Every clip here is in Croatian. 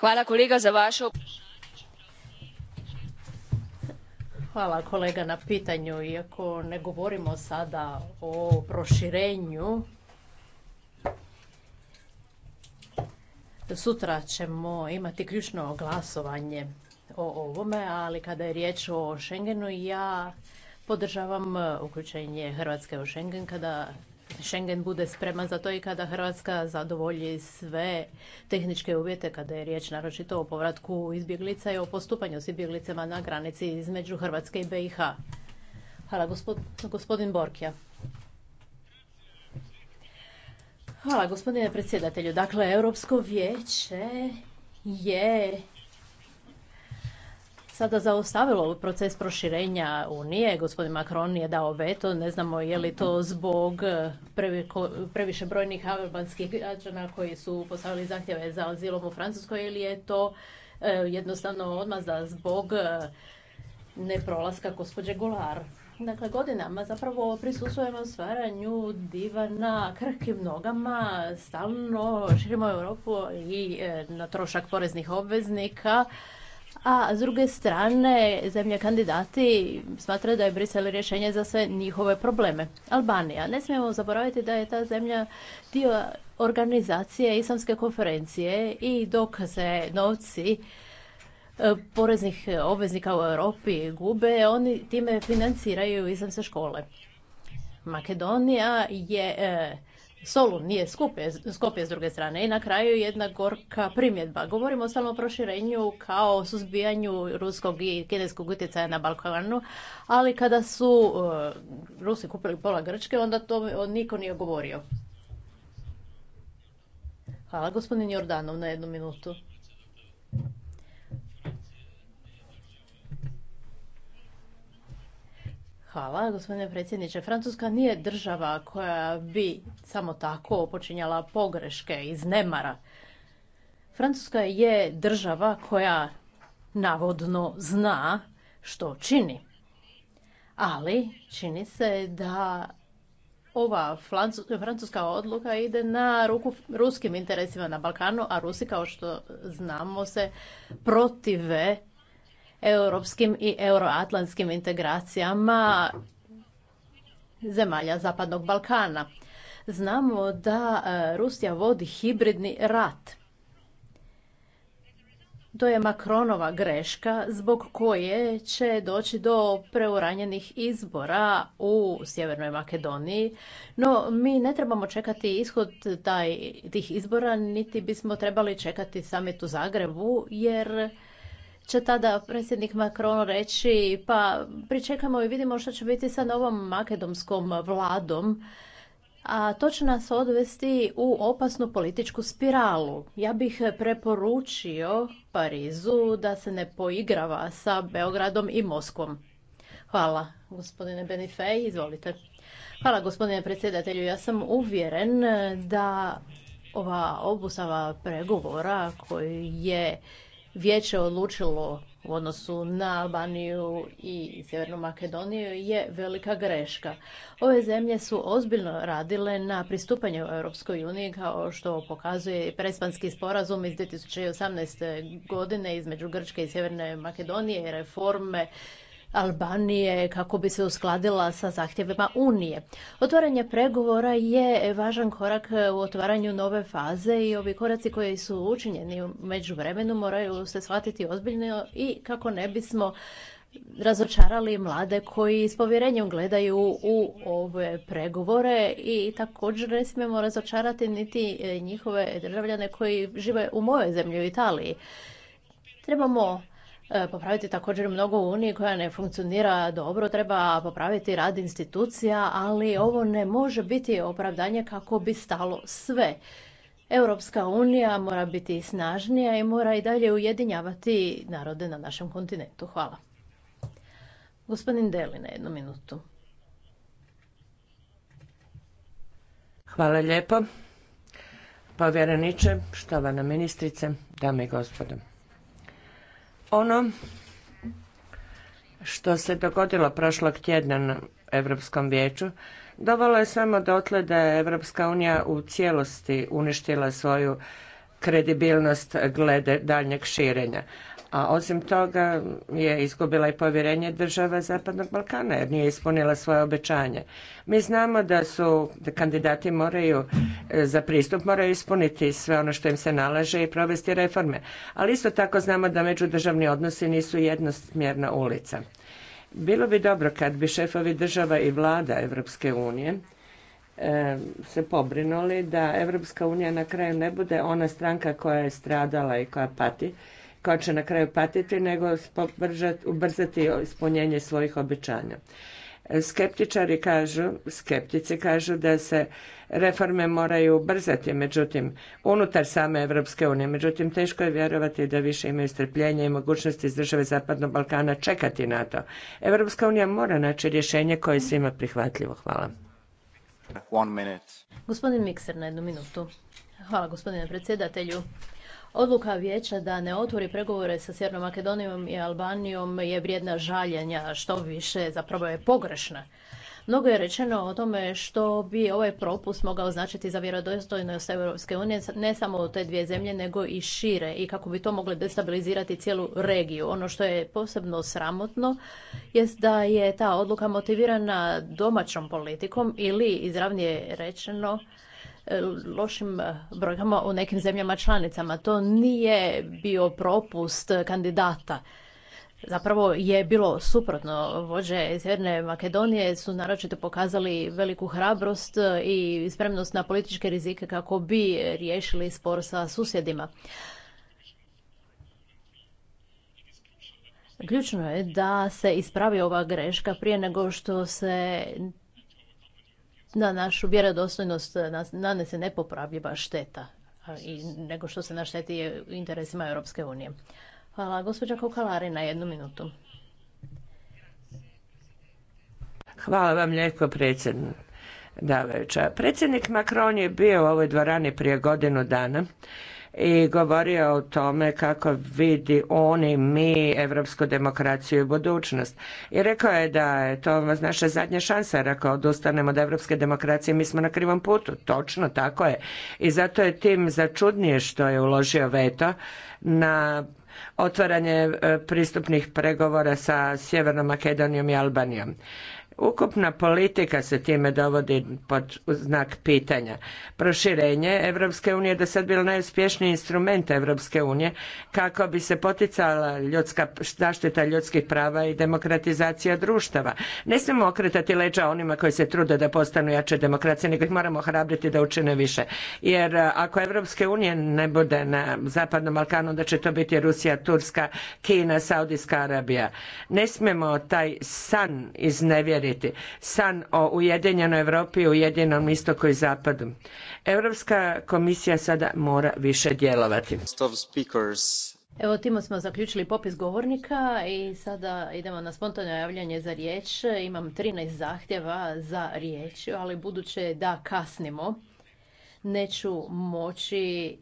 Hvala kolega za Hvala kolega na pitanju. Iako ne govorimo sada o proširenju, sutra ćemo imati ključno glasovanje o ovome, ali kada je riječ o Schengenu, ja podržavam uključenje Hrvatske u Schengen kada Schengen bude spreman za to i kada Hrvatska zadovolji sve tehničke uvjete kada je riječ naročito o povratku izbjeglica i o postupanju s izbjeglicama na granici između Hrvatske i BiH. Hvala gospodin Borkija. Hvala gospodine predsjedatelju. Dakle, Europsko vijeće je sada zaostavilo proces proširenja Unije. Gospodin Macron je dao veto, ne znamo je li to zbog eh, previše brojnih albanskih građana koji su postavili zahtjeve za azilom u Francuskoj ili je to eh, jednostavno odmazda zbog eh, neprolaska gospođe Goulart. Dakle, godinama zapravo prisustvujemo stvaranju diva na krhkim nogama, stalno širimo Europu i na trošak poreznih obveznika a s druge strane zemlje kandidati smatraju da je Brisel rješenje za sve njihove probleme. Albanija. Ne smijemo zaboraviti da je ta zemlja dio organizacije Islamske konferencije i dok se novci e, poreznih obveznika u Europi gube, oni time financiraju islamske škole. Makedonija je e, Solun nije skupe, Skopje s druge strane. I na kraju jedna gorka primjedba. Govorimo o proširenju kao suzbijanju ruskog i kineskog utjecaja na Balkanu, ali kada su e, Rusi kupili pola Grčke, onda to niko nije govorio. Hvala gospodin Jordanov na jednu minutu. Hvala, gospodine predsjedniče. Francuska nije država koja bi samo tako počinjala pogreške iz nemara. Francuska je država koja navodno zna što čini. Ali čini se da ova francuska odluka ide na ruku ruskim interesima na Balkanu, a Rusi kao što znamo se protive europskim i euroatlantskim integracijama zemalja Zapadnog Balkana. Znamo da e, Rusija vodi hibridni rat. To je Makronova greška zbog koje će doći do preuranjenih izbora u Sjevernoj Makedoniji, no mi ne trebamo čekati ishod taj, tih izbora, niti bismo trebali čekati samit u Zagrebu, jer će tada predsjednik Macron reći pa pričekamo i vidimo što će biti sa novom makedomskom vladom a to će nas odvesti u opasnu političku spiralu. Ja bih preporučio Parizu da se ne poigrava sa Beogradom i Moskvom. Hvala, gospodine Benifej, izvolite. Hvala, gospodine predsjedatelju. Ja sam uvjeren da ova obusava pregovora koji je vijeće odlučilo u odnosu na Albaniju i Sjevernu Makedoniju je velika greška. Ove zemlje su ozbiljno radile na pristupanju Europskoj uniji kao što pokazuje prespanski sporazum iz 2018. godine između Grčke i Sjeverne Makedonije i reforme Albanije kako bi se uskladila sa zahtjevima Unije. Otvaranje pregovora je važan korak u otvaranju nove faze i ovi koraci koji su učinjeni u vremenu moraju se shvatiti ozbiljno i kako ne bismo razočarali mlade koji s povjerenjem gledaju u ove pregovore i također ne smijemo razočarati niti e, njihove državljane koji žive u mojoj zemlji u Italiji. Trebamo E, popraviti također mnogo u Uniji koja ne funkcionira dobro, treba popraviti rad institucija, ali ovo ne može biti opravdanje kako bi stalo sve. Europska unija mora biti snažnija i mora i dalje ujedinjavati narode na našem kontinentu. Hvala. Gospodin Deli na jednu minutu. Hvala lijepo. Povjereniče, pa, štovana ministrice, dame i gospodo. Ono što se dogodilo prošlog tjedna na Europskom vijeću dovalo je samo dotle da je Europska unija u cijelosti uništila svoju kredibilnost glede daljnjeg širenja a osim toga je izgubila i povjerenje država Zapadnog Balkana jer nije ispunila svoje obećanje. Mi znamo da su da kandidati moraju e, za pristup moraju ispuniti sve ono što im se nalaže i provesti reforme, ali isto tako znamo da međudržavni odnosi nisu jednosmjerna ulica. Bilo bi dobro kad bi šefovi država i vlada Europske unije e, se pobrinuli da Europska unija na kraju ne bude ona stranka koja je stradala i koja pati, koja će na kraju patiti, nego ubrzati ispunjenje svojih obećanja. Skeptičari kažu, skeptici kažu da se reforme moraju ubrzati, međutim, unutar same Evropske unije. Međutim, teško je vjerovati da više imaju strpljenja i mogućnosti iz države Zapadnog Balkana čekati na to. Evropska unija mora naći rješenje koje je svima prihvatljivo. Hvala. Gospodin Mikser na jednu minutu. Hvala gospodine predsjedatelju. Odluka vijeća da ne otvori pregovore sa Sjevernom Makedonijom i Albanijom je vrijedna žaljenja, što više zapravo je pogrešna. Mnogo je rečeno o tome što bi ovaj propust mogao značiti za vjerodostojnost Europske unije, ne samo u te dvije zemlje, nego i šire i kako bi to moglo destabilizirati cijelu regiju. Ono što je posebno sramotno jest da je ta odluka motivirana domaćom politikom ili izravnije rečeno E, lošim e, brojkama u nekim zemljama članicama. To nije bio propust kandidata. Zapravo je bilo suprotno. Vođe Sjeverne Makedonije su naročito pokazali veliku hrabrost e, i spremnost na političke rizike kako bi riješili spor sa susjedima. Ključno je da se ispravi ova greška prije nego što se na našu vjerodostojnost eh, nanese nepopravljiva šteta i nego što se našteti interesima Europske unije. Hvala. Gospođa Kokalari na jednu minutu. Hvala vam lijepo predsjedavajuća. Predsjednik Macron je bio u ovoj dvorani prije godinu dana i govorio o tome kako vidi oni mi evropsku demokraciju i budućnost. I rekao je da je to naša zadnja šansa, jer ako odustanemo od evropske demokracije mi smo na krivom putu. Točno, tako je. I zato je tim začudnije što je uložio veto na otvaranje e, pristupnih pregovora sa Sjevernom Makedonijom i Albanijom. Ukupna politika se time dovodi pod znak pitanja. Proširenje Evropske unije da sad bilo najuspješniji instrument Evropske unije kako bi se poticala ljudska zaštita ljudskih prava i demokratizacija društava. Ne smijemo okretati leđa onima koji se trude da postanu jače demokracije, nego ih moramo hrabriti da učine više. Jer e, ako Evropske unije ne bude na Zapadnom Balkanu, onda će to biti Rusija, Turska, Kina, Saudijska Arabija. Ne smijemo taj san iznevjeriti ostvariti san o ujedinjenoj Europi, ujedinjenom istoku i zapadu. Europska komisija sada mora više djelovati. Evo timo smo zaključili popis govornika i sada idemo na spontano javljanje za riječ. Imam 13 zahtjeva za riječ, ali buduće da kasnimo, neću moći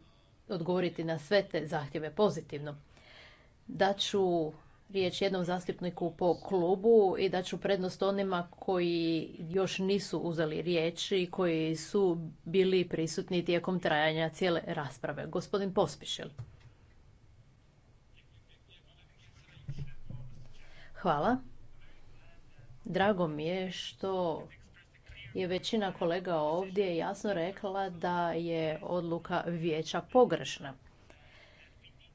odgovoriti na sve te zahtjeve pozitivno. Da ću riječ jednom zastupniku po klubu i da ću prednost onima koji još nisu uzeli riječ i koji su bili prisutni tijekom trajanja cijele rasprave. Gospodin Pospišil. Hvala. Drago mi je što je većina kolega ovdje jasno rekla da je odluka vijeća pogrešna.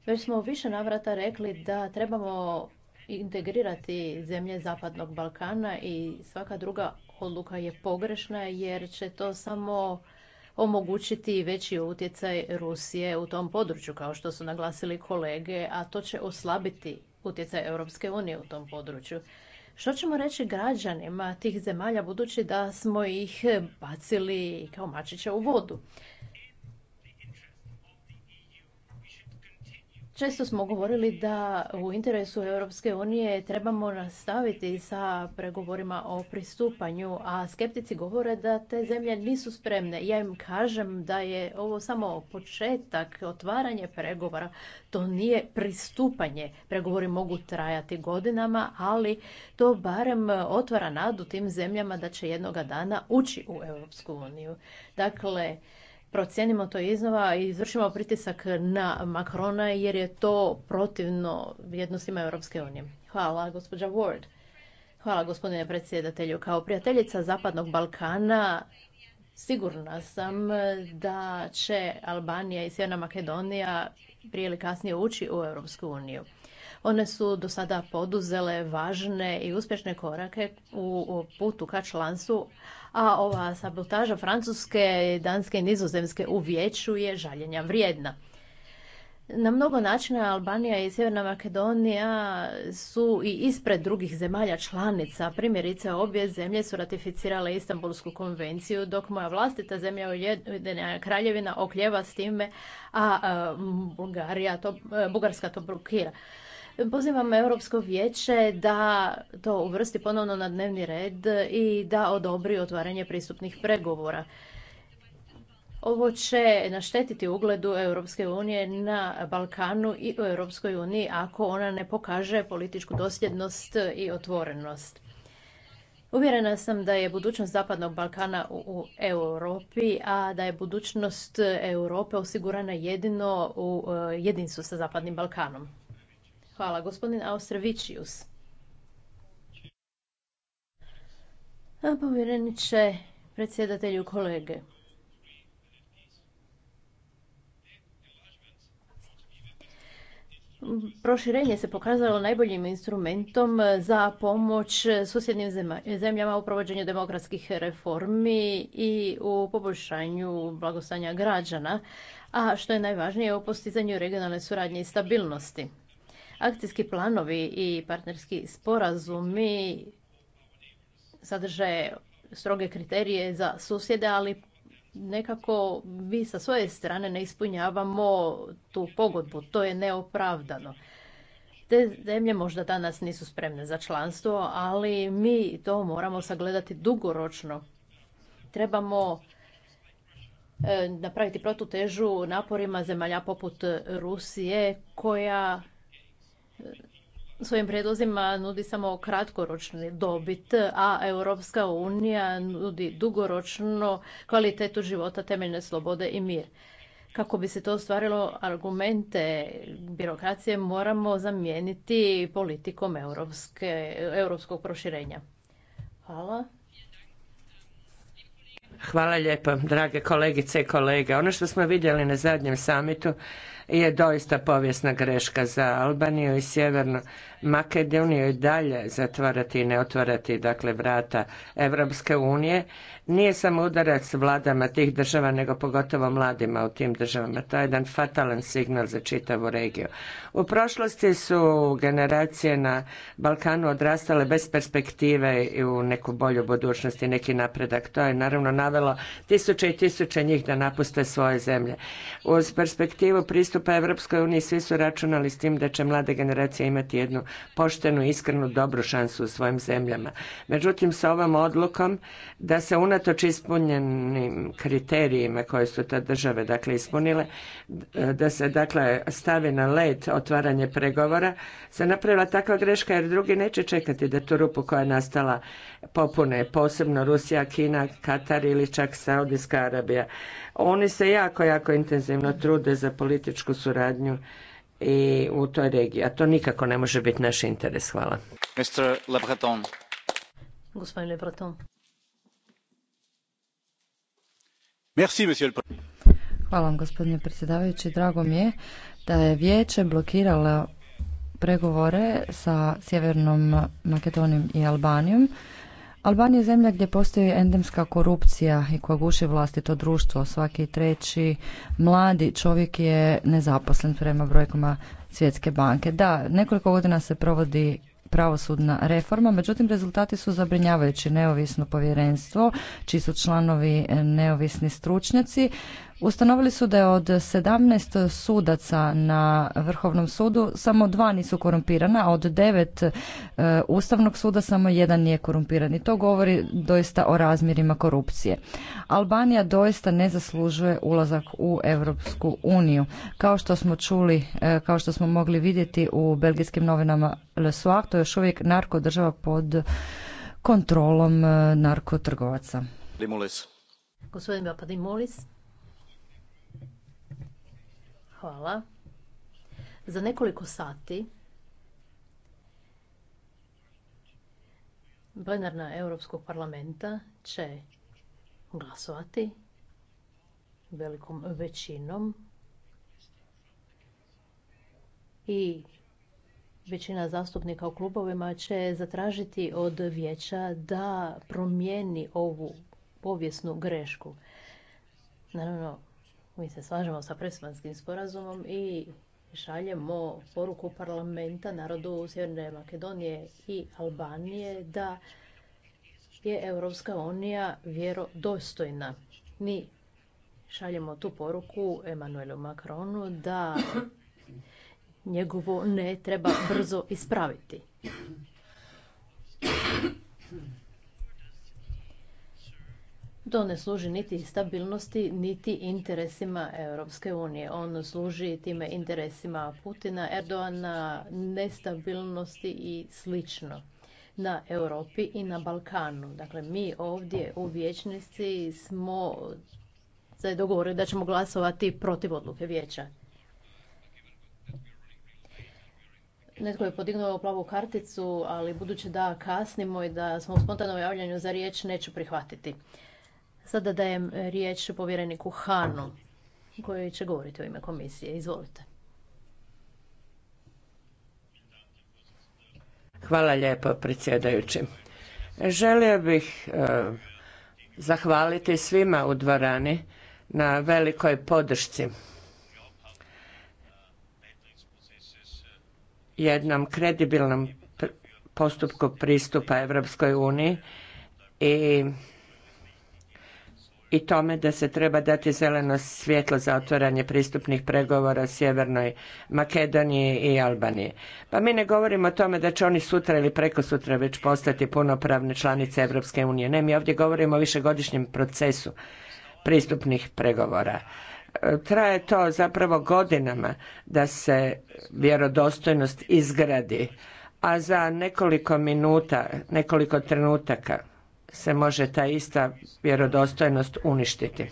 Već smo u više navrata rekli da trebamo integrirati zemlje Zapadnog Balkana i svaka druga odluka je pogrešna jer će to samo omogućiti veći utjecaj Rusije u tom području, kao što su naglasili kolege, a to će oslabiti utjecaj Europske unije u tom području. Što ćemo reći građanima tih zemalja budući da smo ih bacili kao mačiće u vodu? Često smo govorili da u interesu Europske unije trebamo nastaviti sa pregovorima o pristupanju, a skeptici govore da te zemlje nisu spremne. Ja im kažem da je ovo samo početak, otvaranje pregovora. To nije pristupanje. Pregovori mogu trajati godinama, ali to barem otvara nadu tim zemljama da će jednoga dana ući u Europsku uniju. Dakle, procijenimo to iznova i izvršimo pritisak na Makrona jer je to protivno vrijednostima Europske unije. Hvala, gospođa Ward. Hvala, gospodine predsjedatelju. Kao prijateljica Zapadnog Balkana sigurna sam da će Albanija i Sjeverna Makedonija prije ili kasnije ući u Europsku uniju. One su do sada poduzele važne i uspješne korake u putu ka članstvu, a ova sabotaža Francuske, Danske i Nizozemske u vijeću je žaljenja vrijedna. Na mnogo načina Albanija i Sjeverna Makedonija su i ispred drugih zemalja članica. Primjerice, obje zemlje su ratificirale Istanbulsku konvenciju, dok moja vlastita zemlja Ujedinjena Kraljevina okljeva s time, a e, e, Bugarska to blokira. Pozivam Europsko vijeće da to uvrsti ponovno na dnevni red i da odobri otvaranje pristupnih pregovora. Ovo će naštetiti ugledu Europske unije na Balkanu i u Europskoj uniji ako ona ne pokaže političku dosljednost i otvorenost. Uvjerena sam da je budućnost Zapadnog Balkana u Europi, a da je budućnost Europe osigurana jedino u e, jedinstvu sa Zapadnim Balkanom. Hvala. Gospodin Austrevičius. Povjereniče, predsjedatelju kolege. Proširenje se pokazalo najboljim instrumentom za pomoć susjednim zemljama u provođenju demokratskih reformi i u poboljšanju blagostanja građana, a što je najvažnije u postizanju regionalne suradnje i stabilnosti. Akcijski planovi i partnerski sporazumi sadrže stroge kriterije za susjede, ali nekako mi sa svoje strane ne ispunjavamo tu pogodbu. To je neopravdano. Te zemlje možda danas nisu spremne za članstvo, ali mi to moramo sagledati dugoročno. Trebamo e, napraviti protutežu naporima zemalja poput Rusije koja svojim prijedlozima nudi samo kratkoročni dobit, a Europska unija nudi dugoročno kvalitetu života, temeljne slobode i mir. Kako bi se to ostvarilo, argumente birokracije moramo zamijeniti politikom europskog proširenja. Hvala. Hvala lijepa, drage kolegice i kolege. Ono što smo vidjeli na zadnjem samitu je doista povijesna greška za Albaniju i Sjevernu Makedoniju i dalje zatvarati i ne otvarati dakle vrata Europske unije nije samo udarac vladama tih država, nego pogotovo mladima u tim državama. To je jedan fatalan signal za čitavu regiju. U prošlosti su generacije na Balkanu odrastale bez perspektive i u neku bolju budućnost i neki napredak. To je naravno navelo tisuće i tisuće njih da napuste svoje zemlje. Uz perspektivu pristupa Europskoj uniji svi su računali s tim da će mlade generacije imati jednu poštenu, iskrenu, dobru šansu u svojim zemljama. Međutim, sa ovom odlukom da se unatoč ispunjenim kriterijima koje su ta države dakle ispunile da se dakle stavi na led otvaranje pregovora se napravila takva greška jer drugi neće čekati da tu rupu koja je nastala popune posebno Rusija, Kina, Katar ili čak Saudijska Arabija. Oni se jako, jako intenzivno trude za političku suradnju i u toj regiji, a to nikako ne može biti naš interes. Hvala. Mr. Gospodine Hvala vam gospodine predsjedavajući. Drago mi je da je vijeće blokiralo pregovore sa Sjevernom Makedonijom i Albanijom. Albanija je zemlja gdje postoji endemska korupcija i koja guši vlastito društvo. Svaki treći mladi čovjek je nezaposlen prema brojkama Svjetske banke. Da, nekoliko godina se provodi pravosudna reforma, međutim rezultati su zabrinjavajući. Neovisno povjerenstvo, čiji su članovi neovisni stručnjaci, Ustanovili su da je od 17 sudaca na Vrhovnom sudu samo dva nisu korumpirana, a od devet e, Ustavnog suda samo jedan nije korumpiran. I to govori doista o razmjerima korupcije. Albanija doista ne zaslužuje ulazak u Europsku uniju. Kao što smo čuli, e, kao što smo mogli vidjeti u belgijskim novinama Le Soir, to je još uvijek narko država pod kontrolom e, narkotrgovaca. Gospodin Papadimolis. Hvala. Za nekoliko sati plenarna Europskog parlamenta će glasovati velikom većinom i većina zastupnika u klubovima će zatražiti od vijeća da promijeni ovu povijesnu grešku. Naravno, mi se slažemo sa presmanskim sporazumom i šaljemo poruku parlamenta narodu Sjeverne Makedonije i Albanije da je Europska unija vjerodostojna. Mi šaljemo tu poruku Emanuelu Macronu da njegovo ne treba brzo ispraviti. To ne služi niti stabilnosti, niti interesima Europske unije. On služi time interesima Putina, Erdoana, nestabilnosti i slično na Europi i na Balkanu. Dakle, mi ovdje u vijećnici smo se dogovorili da ćemo glasovati protiv odluke vijeća. Netko je podignuo plavu karticu, ali budući da kasnimo i da smo u spontanom javljanju za riječ, neću prihvatiti. Sada dajem riječ povjereniku Hanu koji će govoriti u ime komisije. Izvolite. Hvala lijepo predsjedajući. Želio bih e, zahvaliti svima u dvorani na velikoj podršci jednom kredibilnom postupku pristupa Europskoj uniji i i tome da se treba dati zeleno svjetlo za otvaranje pristupnih pregovora Sjevernoj Makedoniji i Albaniji. Pa mi ne govorimo o tome da će oni sutra ili preko sutra već postati punopravne članice Europske unije. Ne, mi ovdje govorimo o višegodišnjem procesu pristupnih pregovora. E, traje to zapravo godinama da se vjerodostojnost izgradi, a za nekoliko minuta, nekoliko trenutaka se može ta ista vjerodostojnost uništiti.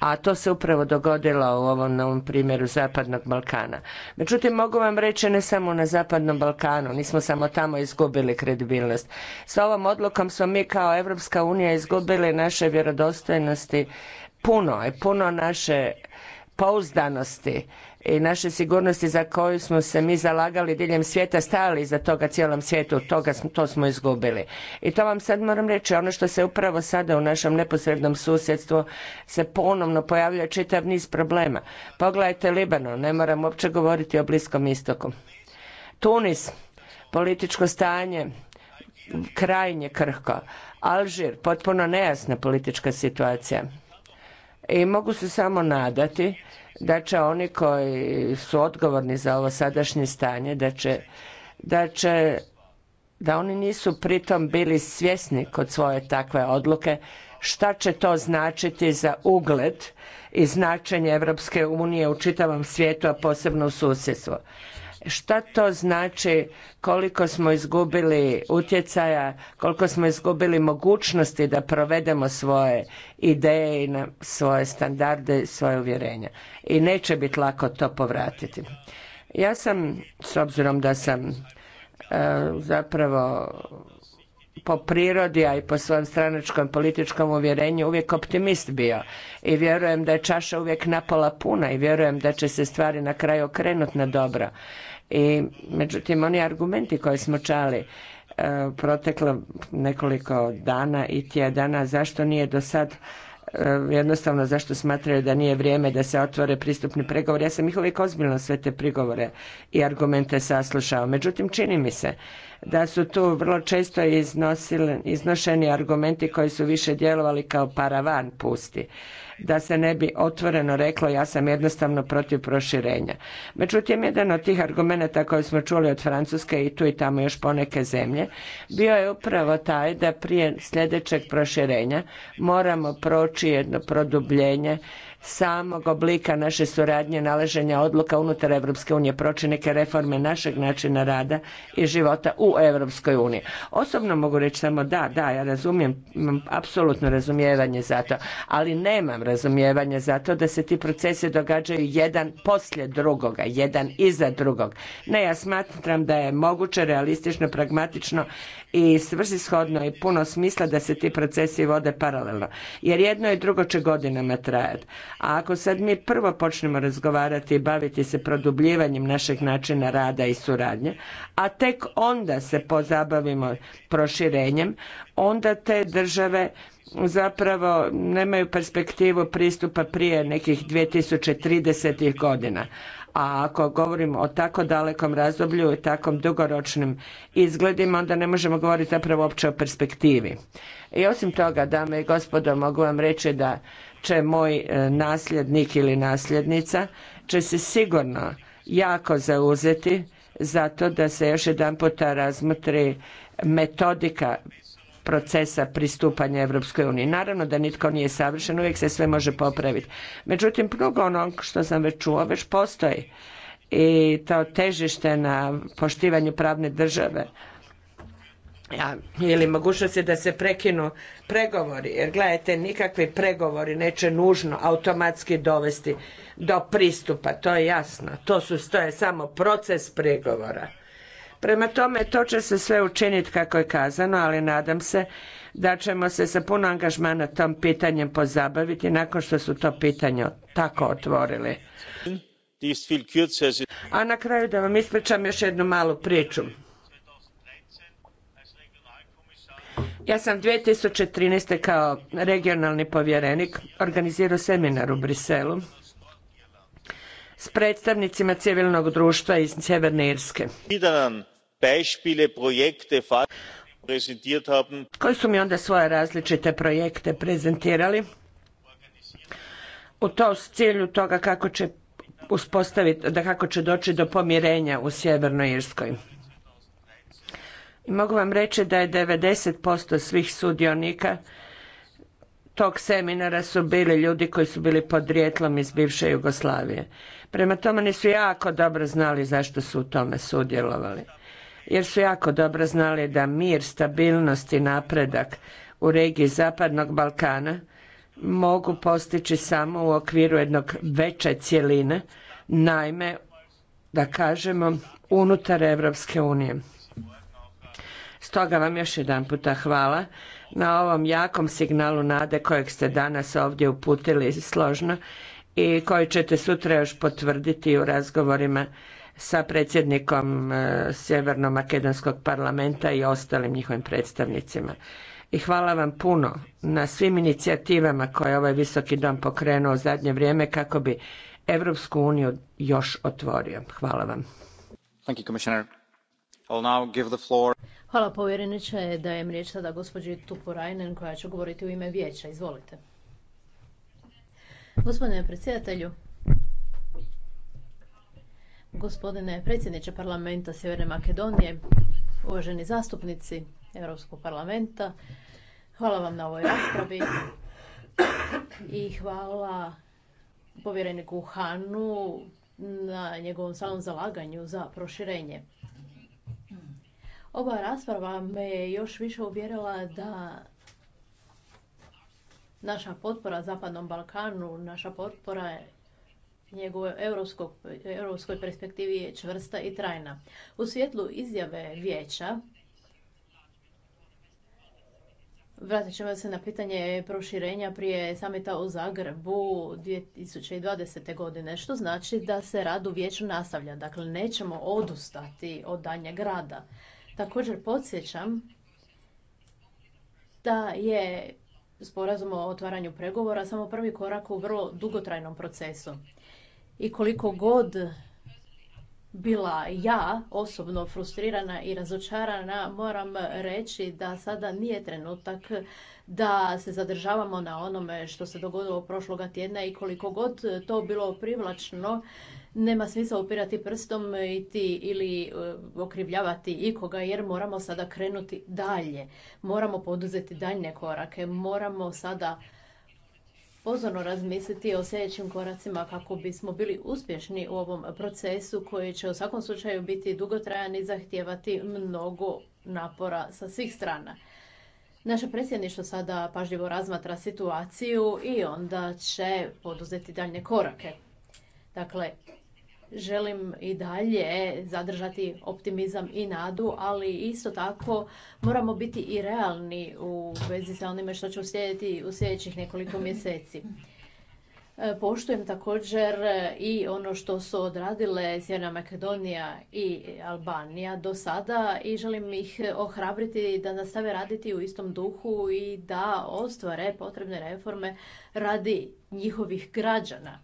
A to se upravo dogodilo u ovom novom primjeru Zapadnog Balkana. Međutim, mogu vam reći ne samo na Zapadnom Balkanu, nismo samo tamo izgubili kredibilnost. S ovom odlukom smo mi kao Europska unija izgubili naše vjerodostojnosti puno, je puno naše pouzdanosti i naše sigurnosti za koju smo se mi zalagali diljem svijeta, stajali iza toga cijelom svijetu, toga, to smo izgubili. I to vam sad moram reći, ono što se upravo sada u našem neposrednom susjedstvu se ponovno pojavlja čitav niz problema. Pogledajte Libanon, ne moram uopće govoriti o Bliskom istoku. Tunis, političko stanje, krajnje krhko. Alžir, potpuno nejasna politička situacija. I mogu se samo nadati da će oni koji su odgovorni za ovo sadašnje stanje, da će, da će da oni nisu pritom bili svjesni kod svoje takve odluke šta će to značiti za ugled i značenje Europske unije u čitavom svijetu, a posebno u susjedstvu. Šta to znači koliko smo izgubili utjecaja, koliko smo izgubili mogućnosti da provedemo svoje ideje i svoje standarde, svoje uvjerenja. I neće biti lako to povratiti. Ja sam, s obzirom da sam e, zapravo po prirodi, a i po svom stranačkom političkom uvjerenju uvijek optimist bio i vjerujem da je čaša uvijek napola puna i vjerujem da će se stvari na kraju okrenuti na dobro. I međutim, oni argumenti koje smo čali e, proteklo nekoliko dana i tjedana, zašto nije do sad e, jednostavno zašto smatraju da nije vrijeme da se otvore pristupni pregovori. Ja sam ih uvijek ozbiljno sve te prigovore i argumente saslušao. Međutim, čini mi se da su tu vrlo često iznošeni argumenti koji su više djelovali kao paravan pusti da se ne bi otvoreno reklo ja sam jednostavno protiv proširenja. Međutim, jedan od tih argumenata koje smo čuli od Francuske i tu i tamo još poneke zemlje, bio je upravo taj da prije sljedećeg proširenja moramo proći jedno produbljenje samog oblika naše suradnje nalaženja odluka unutar Europske unije, proći neke reforme našeg načina rada i života u Europskoj uniji. Osobno mogu reći samo da, da, ja razumijem, imam apsolutno razumijevanje za to, ali nemam razumijevanje za to da se ti procesi događaju jedan poslije drugoga, jedan iza drugog. Ne, ja smatram da je moguće, realistično, pragmatično i svrsishodno i puno smisla da se ti procesi vode paralelno. Jer jedno i drugo će godinama trajati. A ako sad mi prvo počnemo razgovarati i baviti se produbljivanjem našeg načina rada i suradnje, a tek onda se pozabavimo proširenjem, onda te države zapravo nemaju perspektivu pristupa prije nekih 2030. godina. A ako govorimo o tako dalekom razdoblju i takom dugoročnim izgledima, onda ne možemo govoriti zapravo uopće o perspektivi. I osim toga, dame i gospodo, mogu vam reći da će moj e, nasljednik ili nasljednica će se sigurno jako zauzeti zato da se još jedan puta razmotri metodika procesa pristupanja Europskoj uniji. Naravno da nitko nije savršen, uvijek se sve može popraviti. Međutim, mnogo onog što sam već čuo, već postoji i to težište na poštivanju pravne države, ja ili mogućnosti da se prekinu pregovori, jer gledajte, nikakvi pregovori neće nužno automatski dovesti do pristupa, to je jasno. To su to je samo proces pregovora. Prema tome, to će se sve učiniti kako je kazano, ali nadam se da ćemo se sa puno angažmana tom pitanjem pozabaviti nakon što su to pitanje tako otvorili. A na kraju da vam ispričam još jednu malu priču. Ja sam 2013. kao regionalni povjerenik organizirao seminar u Briselu s predstavnicima civilnog društva iz Sjeverne Irske. Koji su mi onda svoje različite projekte prezentirali u to cilju toga kako će uspostaviti, da kako će doći do pomirenja u Sjevernoj Irskoj. I mogu vam reći da je 90% svih sudionika tog seminara su bili ljudi koji su bili podrijetlom iz bivše Jugoslavije. Prema tome nisu su jako dobro znali zašto su u tome sudjelovali. Jer su jako dobro znali da mir, stabilnost i napredak u regiji Zapadnog Balkana mogu postići samo u okviru jednog veće cjeline, naime, da kažemo, unutar Evropske unije. Stoga vam još jedan puta hvala na ovom jakom signalu nade kojeg ste danas ovdje uputili složno i koji ćete sutra još potvrditi u razgovorima sa predsjednikom e, Sjeverno-Makedonskog parlamenta i ostalim njihovim predstavnicima. I hvala vam puno na svim inicijativama koje je ovaj Visoki dom pokrenuo u zadnje vrijeme kako bi Europsku uniju još otvorio. Hvala vam. Thank you, Hvala povjereniče. Dajem riječ sada gospođi Rajnen koja će govoriti u ime vijeća. Izvolite. Gospodine predsjedatelju, gospodine predsjedniče parlamenta Sjeverne Makedonije, uvaženi zastupnici Europskog parlamenta, hvala vam na ovoj raspravi i hvala povjereniku Hanu na njegovom samom zalaganju za proširenje. Ova rasprava me još više uvjerila da naša potpora Zapadnom Balkanu, naša potpora njegovoj europskoj perspektivi je čvrsta i trajna. U svjetlu izjave vijeća Vratit ćemo se na pitanje proširenja prije samita u Zagrebu 2020. godine, što znači da se rad u vijeću nastavlja. Dakle, nećemo odustati od danjeg rada. Također podsjećam da je sporazum o otvaranju pregovora samo prvi korak u vrlo dugotrajnom procesu. I koliko god bila ja osobno frustrirana i razočarana, moram reći da sada nije trenutak da se zadržavamo na onome što se dogodilo prošloga tjedna i koliko god to bilo privlačno, nema smisla upirati prstom iti ili e, okrivljavati ikoga jer moramo sada krenuti dalje. Moramo poduzeti daljne korake, moramo sada pozorno razmisliti o sljedećim koracima kako bismo bili uspješni u ovom procesu koji će u svakom slučaju biti dugotrajan i zahtijevati mnogo napora sa svih strana. Naše predsjedništvo sada pažljivo razmatra situaciju i onda će poduzeti daljne korake. Dakle, želim i dalje zadržati optimizam i nadu, ali isto tako moramo biti i realni u vezi sa onime što će uslijediti u sljedećih nekoliko mjeseci. E, poštujem također e, i ono što su odradile Sjeverna Makedonija i Albanija do sada i želim ih ohrabriti da nastave raditi u istom duhu i da ostvare potrebne reforme radi njihovih građana.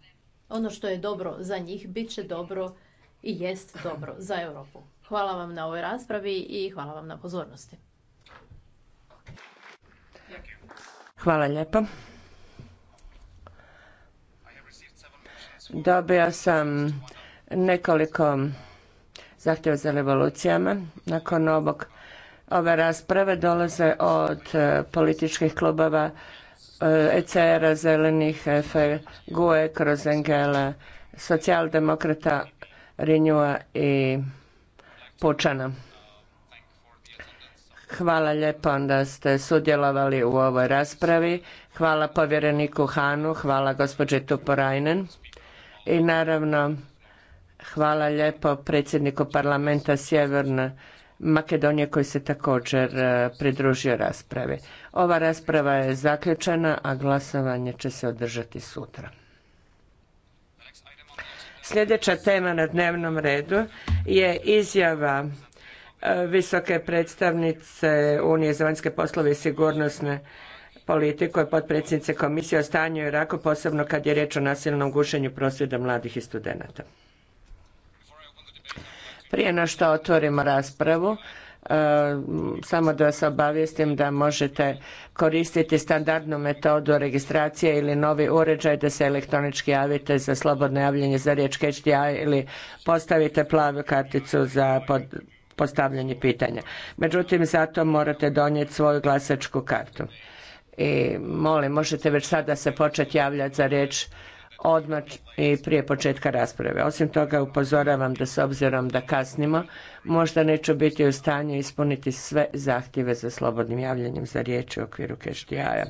Ono što je dobro za njih bit će dobro i jest dobro za Europu. Hvala vam na ovoj raspravi i hvala vam na pozornosti. Hvala lijepa. Dobio sam nekoliko zahtjeva za revolucijama. Nakon ovog, ove rasprave dolaze od e, političkih klubova e, ECR-a, Zelenih, EFE, GUE, Krozengele, socijaldemokrata, Rinjua i Pučana. Hvala lijepo da ste sudjelovali u ovoj raspravi. Hvala povjereniku Hanu, hvala gospođi Tuporajnen i naravno hvala lijepo predsjedniku parlamenta Sjeverne Makedonije koji se također e, pridružio raspravi. Ova rasprava je zaključena, a glasovanje će se održati sutra. Sljedeća tema na dnevnom redu je izjava e, visoke predstavnice Unije za vanjske poslove i sigurnosne politiku je potpredsjednice komisije o stanju i raku, posebno kad je riječ o nasilnom gušenju prosvjeda mladih i studenata. Prije na što otvorimo raspravu, e, samo da vas obavijestim da možete koristiti standardnu metodu registracije ili novi uređaj da se elektronički javite za slobodno javljanje za riječ HDI ili postavite plavu karticu za postavljanje pitanja. Međutim, zato morate donijeti svoju glasačku kartu i molim, možete već sada se početi javljati za riječ odmah i prije početka rasprave. Osim toga upozoravam da s obzirom da kasnimo, možda neću biti u stanju ispuniti sve zahtjeve za slobodnim javljanjem za riječ u okviru keštijaja.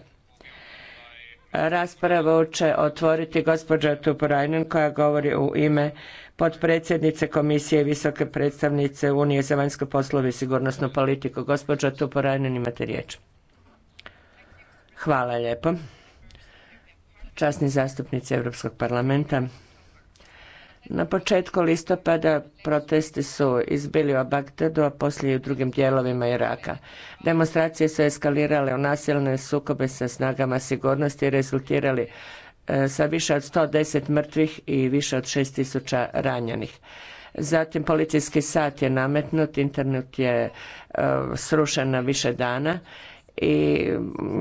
Raspravu će otvoriti gospođa Tuporajnen koja govori u ime potpredsjednice Komisije visoke predstavnice Unije za vanjsko poslove i sigurnosnu politiku. Gospođa Tuporajnen, imate riječ. Hvala lijepo. Časni zastupnici Europskog parlamenta. Na početku listopada protesti su izbili u Bagdadu, a poslije i u drugim dijelovima Iraka. Demonstracije su eskalirale u nasilne sukobe sa snagama sigurnosti i rezultirali e, sa više od 110 mrtvih i više od 6000 ranjenih. Zatim policijski sat je nametnut, internet je e, srušen na više dana i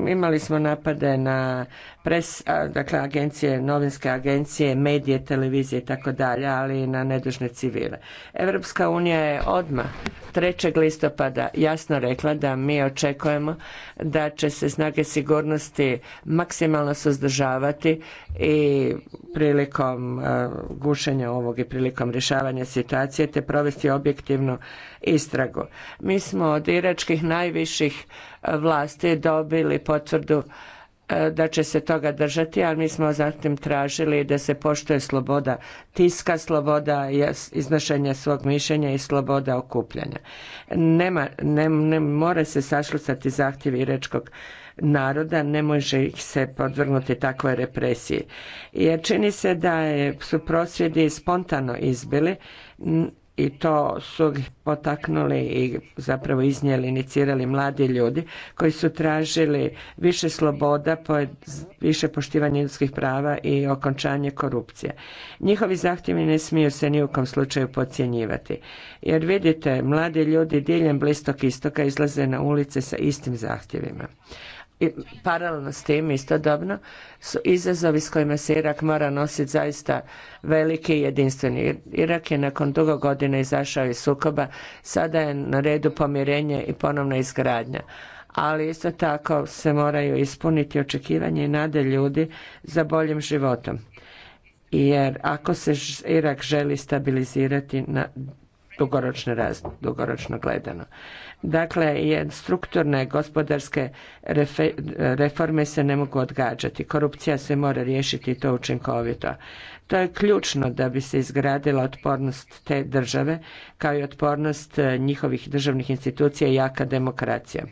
imali smo napade na pres, dakle agencije, novinske agencije, medije, televizije i tako dalje, ali i na nedužne civile. Europska unija je odmah 3. listopada jasno rekla da mi očekujemo da će se snage sigurnosti maksimalno suzdržavati i prilikom gušenja ovog i prilikom rješavanja situacije te provesti objektivno istragu. Mi smo od iračkih najviših e, vlasti dobili potvrdu e, da će se toga držati, ali mi smo zatim tražili da se poštuje sloboda tiska, sloboda iznošenja svog mišljenja i sloboda okupljanja. Nema, ne, ne mora se sašlucati zahtjevi iračkog naroda, ne može ih se podvrgnuti takvoj represiji. Jer čini se da je, su prosvjedi spontano izbili i to su ih potaknuli i zapravo iznijeli, inicirali mladi ljudi koji su tražili više sloboda, više poštivanja ljudskih prava i okončanje korupcije. Njihovi zahtjevi ne smiju se ni u kom slučaju podcjenjivati. Jer vidite, mladi ljudi diljem Blistog istoka izlaze na ulice sa istim zahtjevima i paralelno s tim istodobno su izazovi s kojima se Irak mora nositi zaista veliki i jedinstveni. Irak je nakon dugo godina izašao iz sukoba, sada je na redu pomirenje i ponovna izgradnja. Ali isto tako se moraju ispuniti očekivanje i nade ljudi za boljim životom. Jer ako se Irak želi stabilizirati na dugoročno, dugoročno gledano. Dakle, je strukturne gospodarske reforme se ne mogu odgađati. Korupcija se mora riješiti i to učinkovito. To je ključno da bi se izgradila otpornost te države, kao i otpornost e, njihovih državnih institucija i jaka demokracija.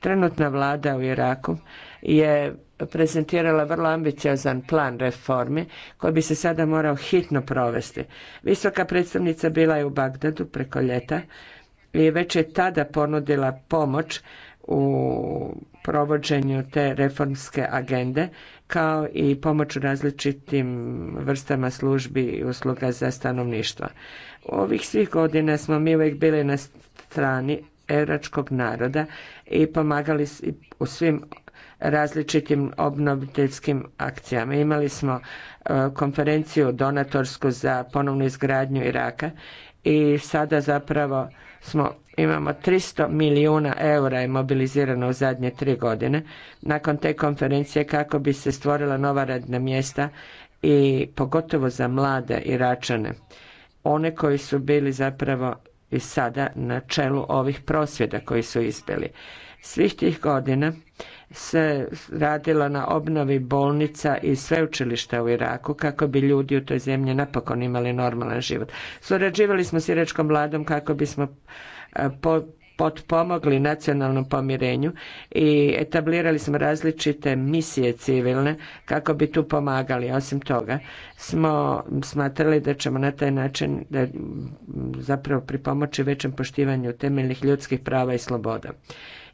Trenutna vlada u Iraku je prezentirala vrlo ambiciozan plan reformi koji bi se sada morao hitno provesti. Visoka predstavnica bila je u Bagdadu preko ljeta i već je tada ponudila pomoć u provođenju te reformske agende kao i pomoć u različitim vrstama službi i usluga za stanovništva. U ovih svih godina smo mi uvijek bili na strani eračkog naroda i pomagali u svim različitim obnoviteljskim akcijama. Imali smo e, konferenciju donatorsku za ponovnu izgradnju Iraka i sada zapravo smo, imamo 300 milijuna eura je mobilizirano u zadnje tri godine nakon te konferencije kako bi se stvorila nova radna mjesta i pogotovo za mlade Iračane, one koji su bili zapravo i sada na čelu ovih prosvjeda koji su izbili. Svih tih godina se radila na obnovi bolnica i sveučilišta u Iraku kako bi ljudi u toj zemlji napokon imali normalan život. Surađivali smo s iračkom vladom kako bismo e, po potpomogli nacionalnom pomirenju i etablirali smo različite misije civilne kako bi tu pomagali. Osim toga smo smatrali da ćemo na taj način da zapravo pripomoći većem poštivanju temeljnih ljudskih prava i sloboda.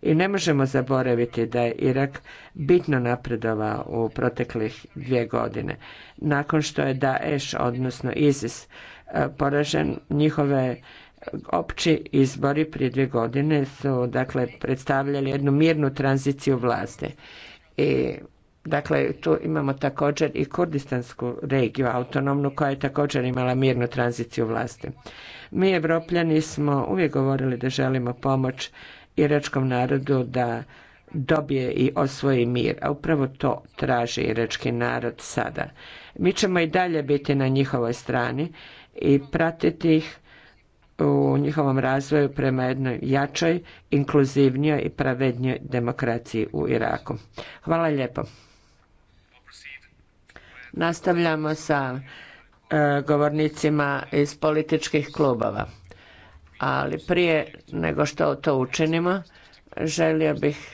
I ne možemo zaboraviti da je Irak bitno napredovao u proteklih dvije godine. Nakon što je Daesh, odnosno ISIS, e, poražen, njihove opći izbori prije dvije godine su dakle predstavljali jednu mirnu tranziciju vlasti. I Dakle, tu imamo također i kurdistansku regiju autonomnu koja je također imala mirnu tranziciju vlasti. Mi, Evropljani, smo uvijek govorili da želimo pomoć iračkom narodu da dobije i osvoji mir, a upravo to traži irački narod sada. Mi ćemo i dalje biti na njihovoj strani i pratiti ih u njihovom razvoju prema jednoj jačoj, inkluzivnijoj i pravednijoj demokraciji u Iraku. Hvala lijepo. Nastavljamo sa e, govornicima iz političkih klubova ali prije nego što to učinimo želio bih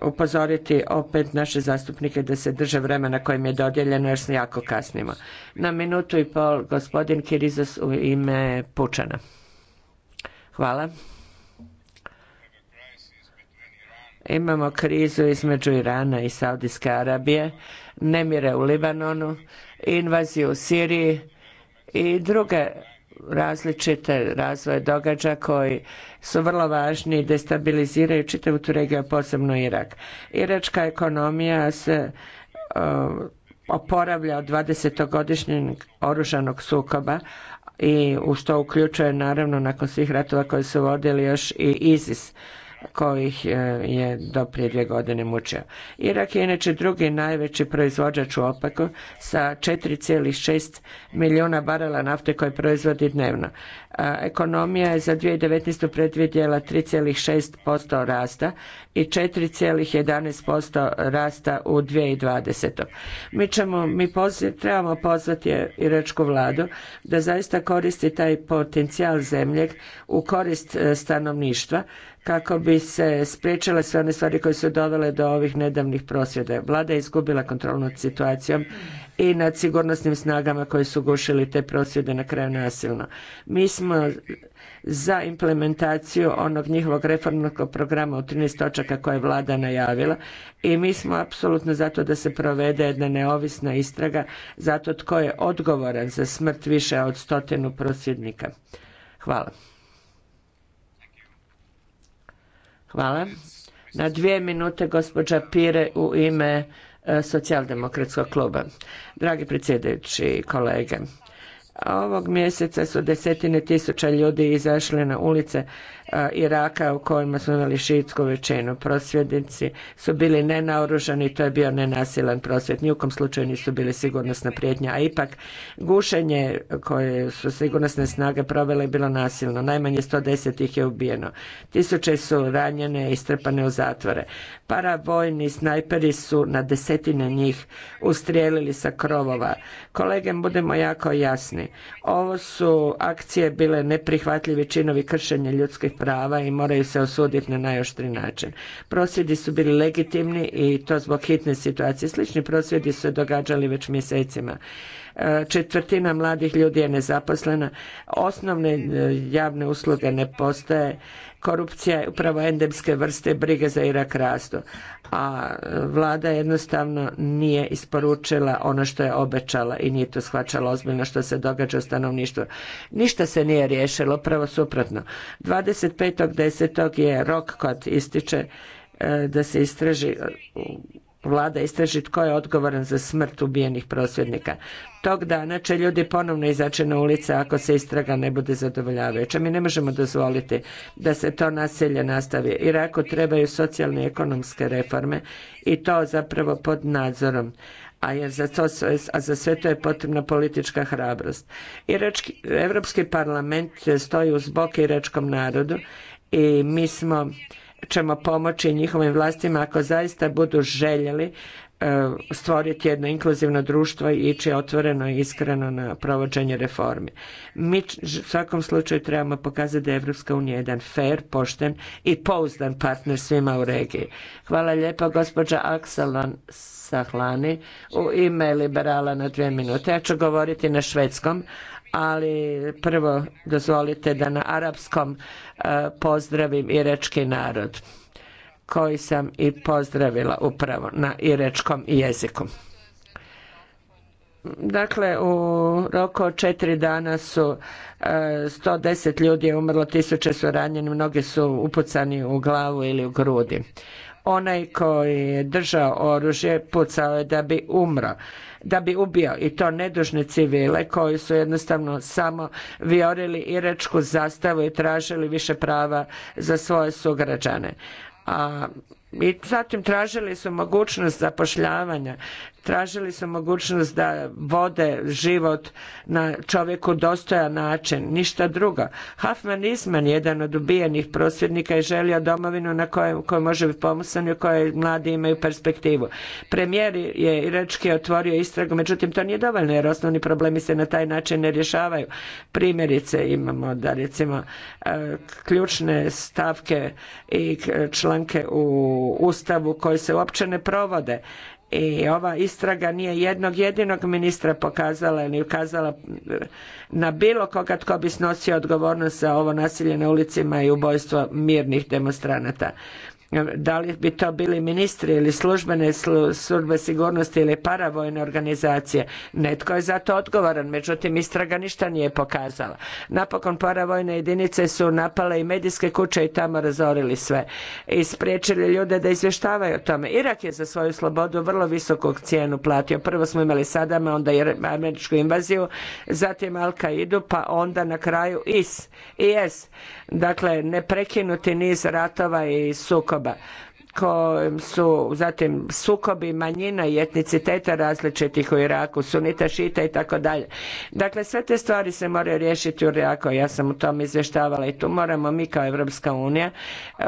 upozoriti opet naše zastupnike da se drže vremena kojim je dodijeljeno jer se jako kasnimo. Na minutu i pol gospodin Kirizos u ime Pučana. Hvala. Imamo krizu između Irana i Saudijske Arabije, nemire u Libanonu, invaziju u Siriji i druge različite razvoje događa koji su vrlo važni i destabiliziraju čitavu tu regiju, posebno Irak. Iračka ekonomija se uh, oporavlja od 20-godišnjeg oružanog sukoba i u što uključuje naravno nakon svih ratova koji su vodili još i ISIS kojih e, je do prije dvije godine mučio. Irak je inače drugi najveći proizvođač u opaku sa 4,6 milijuna barela nafte koje proizvodi dnevno. E, ekonomija je za 2019. predvidjela 3,6% rasta i 4,11% rasta u 2020. Mi, ćemo, mi trebamo pozvati iračku vladu da zaista koristi taj potencijal zemlje u korist e, stanovništva kako bi se spriječile sve one stvari koje su dovele do ovih nedavnih prosvjeda. Vlada je izgubila kontrolu nad situacijom i nad sigurnosnim snagama koji su gušili te prosvjede na kraju nasilno. Mi smo za implementaciju onog njihovog reformnog programa u 13 točaka koje je vlada najavila i mi smo apsolutno zato da se provede jedna neovisna istraga zato tko je odgovoran za smrt više od stotinu prosvjednika. Hvala. Hvala. Na dvije minute gospođa Pire u ime e, socijaldemokratskog kluba. Dragi predsjedajući kolege, ovog mjeseca su desetine tisuća ljudi izašli na ulice E, Iraka u kojima smo imali šiitsku većinu. Prosvjednici su bili nenaoružani, to je bio nenasilan prosvjed. Nijukom slučaju nisu bili sigurnosna prijetnja, a ipak gušenje koje su sigurnosne snage provele je bilo nasilno. Najmanje 110 ih je ubijeno. Tisuće su ranjene i strpane u zatvore. Paravojni snajperi su na desetine njih ustrijelili sa krovova. Kolege, budemo jako jasni. Ovo su akcije bile neprihvatljivi činovi kršenja ljudskih prava i moraju se osuditi na najoštri način. Prosvjedi su bili legitimni i to zbog hitne situacije. Slični prosvjedi su se događali već mjesecima četvrtina mladih ljudi je nezaposlena, osnovne e, javne usluge ne postoje, korupcija je upravo endemske vrste brige za Irak rastu, a e, vlada jednostavno nije isporučila ono što je obećala i nije to shvaćala ozbiljno što se događa u stanovništvu. Ništa se nije riješilo, upravo suprotno. 25.10. je rok kad ističe e, da se istraži vlada istraži tko je odgovoran za smrt ubijenih prosvjednika. Tog dana će ljudi ponovno izaći na ulice ako se istraga ne bude zadovoljavajuća. Mi ne možemo dozvoliti da se to nasilje nastavi. Iraku trebaju socijalne i ekonomske reforme i to zapravo pod nadzorom. A, jer za to, a za sve to je potrebna politička hrabrost. Irački, Evropski parlament stoji uz bok iračkom narodu i mi smo ćemo pomoći njihovim vlastima ako zaista budu željeli e, stvoriti jedno inkluzivno društvo i ići otvoreno i iskreno na provođenje reformi. Mi u svakom slučaju trebamo pokazati da je Evropska unija jedan fair, pošten i pouzdan partner svima u regiji. Hvala lijepo gospođa Aksalon Sahlani u ime liberala na dvije minute. Ja ću govoriti na švedskom, ali prvo dozvolite da na arapskom e, pozdravim irački narod koji sam i pozdravila upravo na iračkom jeziku. Dakle, u roku od četiri dana su 110 e, ljudi umrlo, tisuće su ranjeni, mnogi su upucani u glavu ili u grudi. Onaj koji je držao oružje pucao je da bi umro da bi ubio i to nedužne civile koji su jednostavno samo vijorili iračku zastavu i tražili više prava za svoje sugrađane. A i zatim tražili su mogućnost zapošljavanja, tražili su mogućnost da vode život na čovjeku dostojan način, ništa drugo. Hafman Isman, jedan od ubijenih prosvjednika, je želio domovinu na kojoj, kojoj može biti pomosan i u kojoj mladi imaju perspektivu. Premijer je rečki otvorio istragu, međutim to nije dovoljno jer osnovni problemi se na taj način ne rješavaju. Primjerice imamo da recimo e, ključne stavke i članke u Ustavu koji se uopće ne provode i ova istraga nije jednog jedinog ministra pokazala ili ukazala e, na bilo koga tko bi snosio odgovornost za ovo nasilje na ulicama i ubojstvo mirnih demonstranata da li bi to bili ministri ili službene službe sigurnosti ili paravojne organizacije. Netko je za to odgovoran, međutim istraga ništa nije pokazala. Napokon paravojne jedinice su napale i medijske kuće i tamo razorili sve i spriječili ljude da izvještavaju o tome. Irak je za svoju slobodu vrlo visoku cijenu platio. Prvo smo imali Sadama, onda američku invaziju, zatim Al-Qaidu, pa onda na kraju IS. IS dakle neprekinuti niz ratova i sukoba kojim su zatim sukobi manjina i etniciteta različitih u Iraku, sunita, šita i tako dalje. Dakle, sve te stvari se moraju riješiti u Iraku, ja sam u tom izvještavala i tu moramo mi kao Evropska unija eh,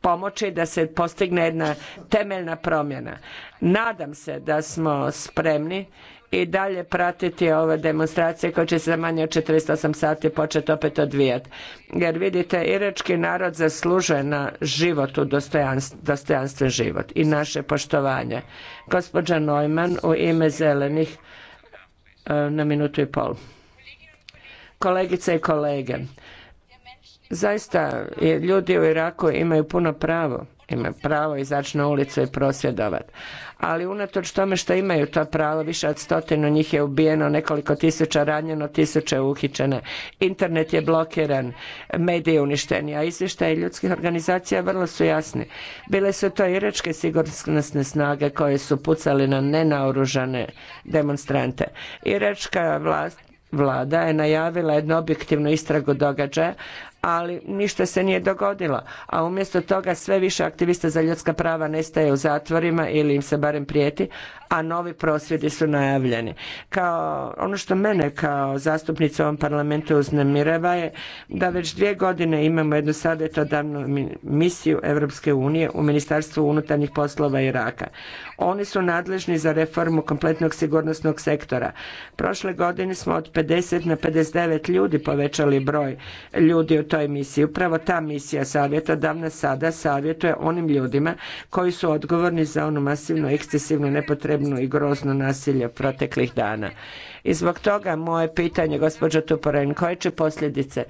pomoći da se postigne jedna temeljna promjena. Nadam se da smo spremni i dalje pratiti ove demonstracije koje će se za manje od 48 sati početi opet odvijati. Jer vidite, irački narod zaslužuje na život u dostojanstven, život i naše poštovanje. Gospođa Neumann u ime zelenih e, na minutu i pol. Kolegice i kolege, zaista ljudi u Iraku imaju puno pravo imaju pravo izaći na ulicu i prosvjedovati. Ali unatoč tome što imaju to pravo, više od stotinu njih je ubijeno, nekoliko tisuća ranjeno, tisuće uhićene. Internet je blokiran, mediji uništeni, a izvještaje ljudskih organizacija vrlo su jasni. Bile su to iračke sigurnosne snage koje su pucali na nenaoružane demonstrante. Iračka vlast vlada je najavila jednu objektivnu istragu događaja, ali ništa se nije dogodilo, a umjesto toga sve više aktivista za ljudska prava nestaje u zatvorima ili im se barem prijeti, a novi prosvjedi su najavljeni. Kao, ono što mene kao zastupnicu u ovom parlamentu uznemirava je da već dvije godine imamo jednu savjetodavnu misiju Europske unije u Ministarstvu unutarnjih poslova Iraka. Oni su nadležni za reformu kompletnog sigurnosnog sektora. Prošle godine smo od 50 na 59 ljudi povećali broj ljudi u toj misiji. Upravo ta misija savjeta savjetodavna sada savjetuje onim ljudima koji su odgovorni za onu masivno, ekscesivno, nepotrebno i grozno nasilje proteklih dana. I zbog toga moje pitanje, gospođo Tuporen, koje će posljedice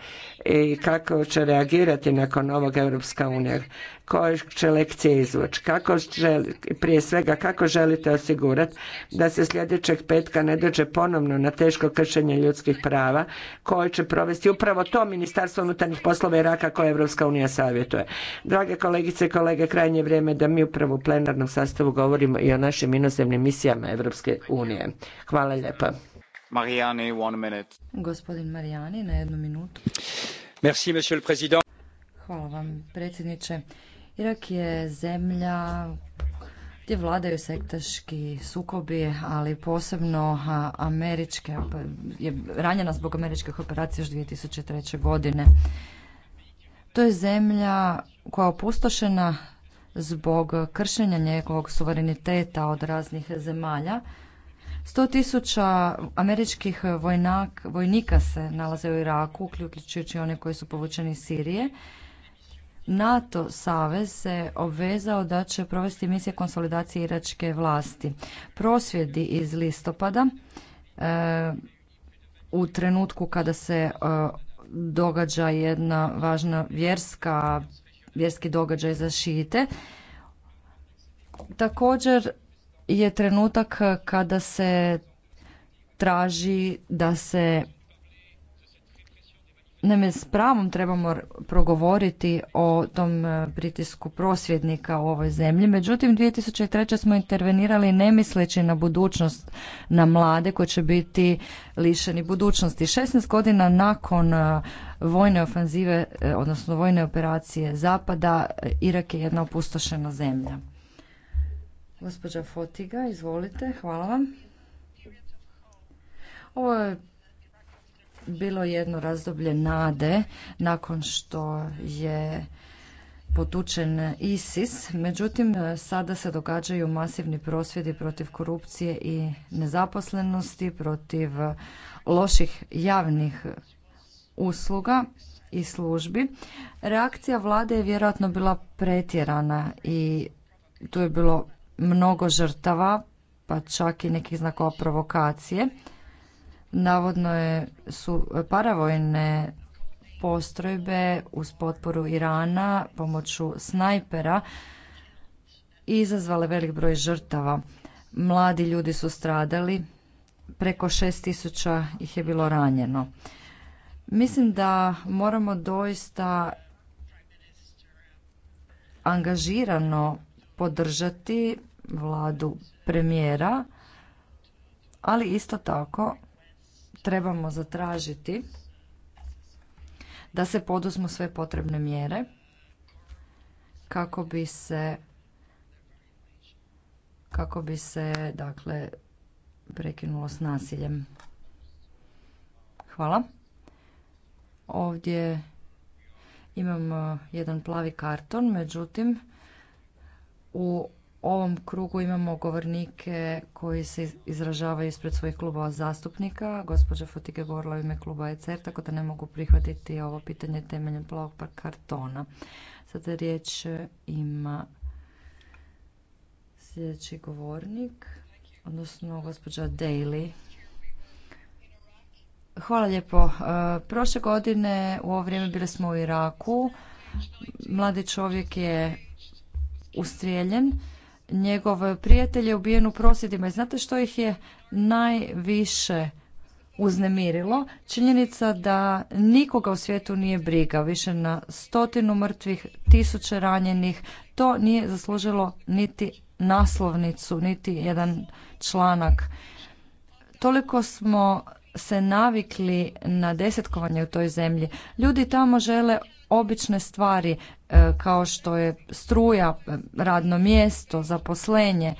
i kako će reagirati nakon ovog Europska unija? Koje će lekcije izvući? Kako prije svega, kako želite osigurati da se sljedećeg petka ne dođe ponovno na teško kršenje ljudskih prava koje će provesti upravo to Ministarstvo unutarnjih poslova i raka koje Europska unija savjetuje. Drage kolegice i kolege, krajnje vrijeme da mi upravo u plenarnom sastavu govorimo i o našim inozemnim misijama Europske unije. Hvala lijepa. Mariani, one minute. na jednu minutu. Hvala vam, predsjedniče. Irak je zemlja gdje vladaju sektaški sukobi, ali posebno američke, pa, je ranjena zbog američkih operacija još 2003. godine. To je zemlja koja je opustošena zbog kršenja njegovog suvereniteta od raznih zemalja, Sto tisuća američkih vojnika se nalaze u Iraku, uključujući one koji su povučeni iz Sirije. NATO savez se obvezao da će provesti misije konsolidacije iračke vlasti. Prosvjedi iz listopada e, u trenutku kada se e, događa jedna važna vjerska, vjerski događaj za šite. Također je trenutak kada se traži da se Naime, s pravom trebamo progovoriti o tom e, pritisku prosvjednika u ovoj zemlji. Međutim, 2003. smo intervenirali ne misleći na budućnost, na mlade koji će biti lišeni budućnosti. 16 godina nakon e, vojne ofanzive, e, odnosno vojne operacije Zapada, Irak je jedna opustošena zemlja. Gospođa Fotiga, izvolite, hvala vam. Ovo je bilo jedno razdoblje nade nakon što je potučen ISIS, međutim sada se događaju masivni prosvjedi protiv korupcije i nezaposlenosti, protiv loših javnih usluga i službi. Reakcija vlade je vjerojatno bila pretjerana i tu je bilo mnogo žrtava, pa čak i nekih znakova provokacije. Navodno je, su paravojne postrojbe uz potporu Irana pomoću snajpera izazvale velik broj žrtava. Mladi ljudi su stradali, preko šest tisuća ih je bilo ranjeno. Mislim da moramo doista angažirano podržati vladu premijera, ali isto tako trebamo zatražiti da se poduzmu sve potrebne mjere kako bi se kako bi se dakle prekinulo s nasiljem. Hvala. Ovdje imam jedan plavi karton, međutim u ovom krugu imamo govornike koji se izražavaju ispred svojih klubova zastupnika. Gospođa je govorila u ime kluba ECR, tako da ne mogu prihvatiti ovo pitanje temeljem plavog kartona. Sada riječ ima sljedeći govornik, odnosno gospođa Daly. Hvala lijepo. E, prošle godine u ovo vrijeme bili smo u Iraku. Mladi čovjek je ustrijeljen njegov prijatelj je ubijen u prosjedima i znate što ih je najviše uznemirilo? Činjenica da nikoga u svijetu nije briga, više na stotinu mrtvih, tisuće ranjenih, to nije zaslužilo niti naslovnicu, niti jedan članak. Toliko smo se navikli na desetkovanje u toj zemlji. Ljudi tamo žele obične stvari e, kao što je struja, e, radno mjesto, zaposlenje.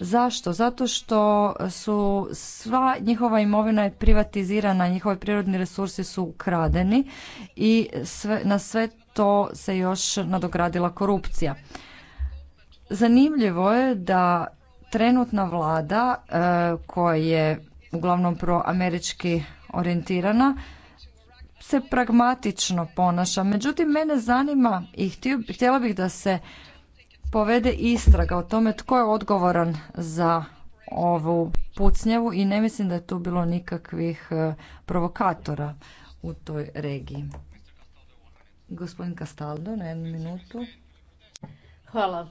Zašto? Zato što su sva njihova imovina je privatizirana, njihovi prirodni resursi su ukradeni i sve, na sve to se još nadogradila korupcija. Zanimljivo je da trenutna vlada e, koja je uglavnom proamerički orijentirana se pragmatično ponaša. Međutim, mene zanima i htjela bih da se povede istraga o tome tko je odgovoran za ovu pucnjevu i ne mislim da je tu bilo nikakvih e, provokatora u toj regiji. Gospodin Kastaldo na jednu minutu. Hvala.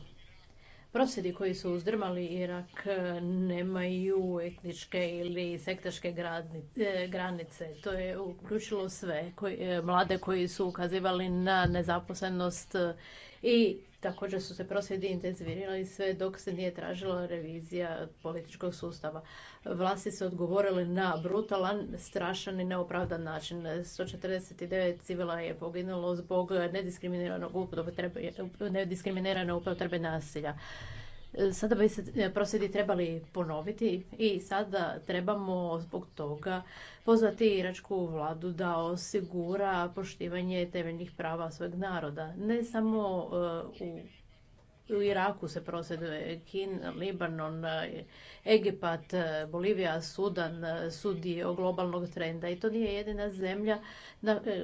Prosjedi koji su uzdrmali Irak e, nemaju etničke ili sektaške e, granice. To je uključilo sve e, mlade koji su ukazivali na nezaposlenost i također su se prosvjedi intenzivirali sve dok se nije tražila revizija političkog sustava. Vlasti su odgovorili na brutalan, strašan i neopravdan način. 149 civila je poginulo zbog nediskriminiranog upotrebe, nediskriminirane upotrebe nasilja. Sada bi se e, prosvjedi trebali ponoviti i sada trebamo zbog toga pozvati iračku vladu da osigura poštivanje temeljnih prava svojeg naroda. Ne samo e, u u Iraku se prosjeduje, Kin, Libanon, Egipat, Bolivija, Sudan sudi o globalnog trenda i to nije jedina zemlja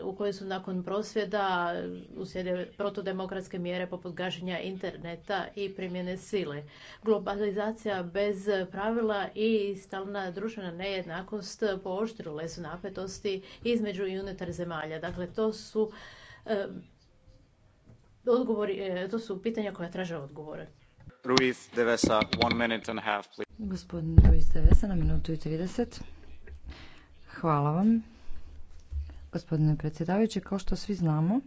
u kojoj su nakon prosvjeda uslijede protodemokratske mjere poput gašenja interneta i primjene sile. Globalizacija bez pravila i stalna društvena nejednakost pooštrile su napetosti između i unutar zemalja. Dakle, to su odgovori, e, to su pitanja koja traže odgovore. Ruiz minute and a half, please. Gospodin Ruiz Devesa, na minutu i 30. Hvala vam. Gospodine predsjedavajući, kao što svi znamo,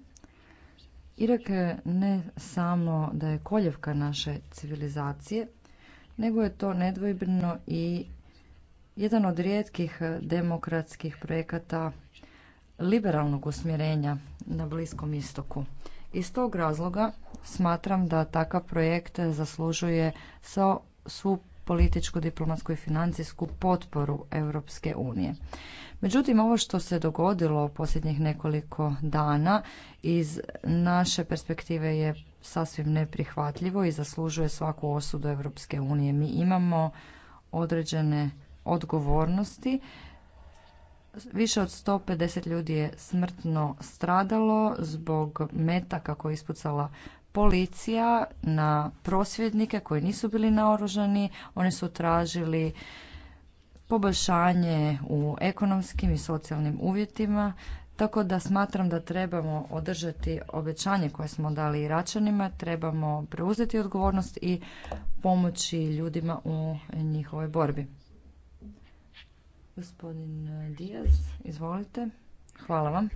Irak je ne samo da je koljevka naše civilizacije, nego je to nedvojbeno i jedan od rijetkih demokratskih projekata liberalnog usmjerenja na Bliskom istoku. Iz tog razloga smatram da takav projekt zaslužuje svu političku, diplomatsku i financijsku potporu Europske unije. Međutim, ovo što se dogodilo posljednjih nekoliko dana iz naše perspektive je sasvim neprihvatljivo i zaslužuje svaku osudu Europske unije. Mi imamo određene odgovornosti Više od 150 ljudi je smrtno stradalo zbog metaka koje je ispucala policija na prosvjednike koji nisu bili naoružani. Oni su tražili poboljšanje u ekonomskim i socijalnim uvjetima, tako da smatram da trebamo održati obećanje koje smo dali Iračanima, trebamo preuzeti odgovornost i pomoći ljudima u njihovoj borbi. Gospodin e, Diaz, izvolite. Hvala vam.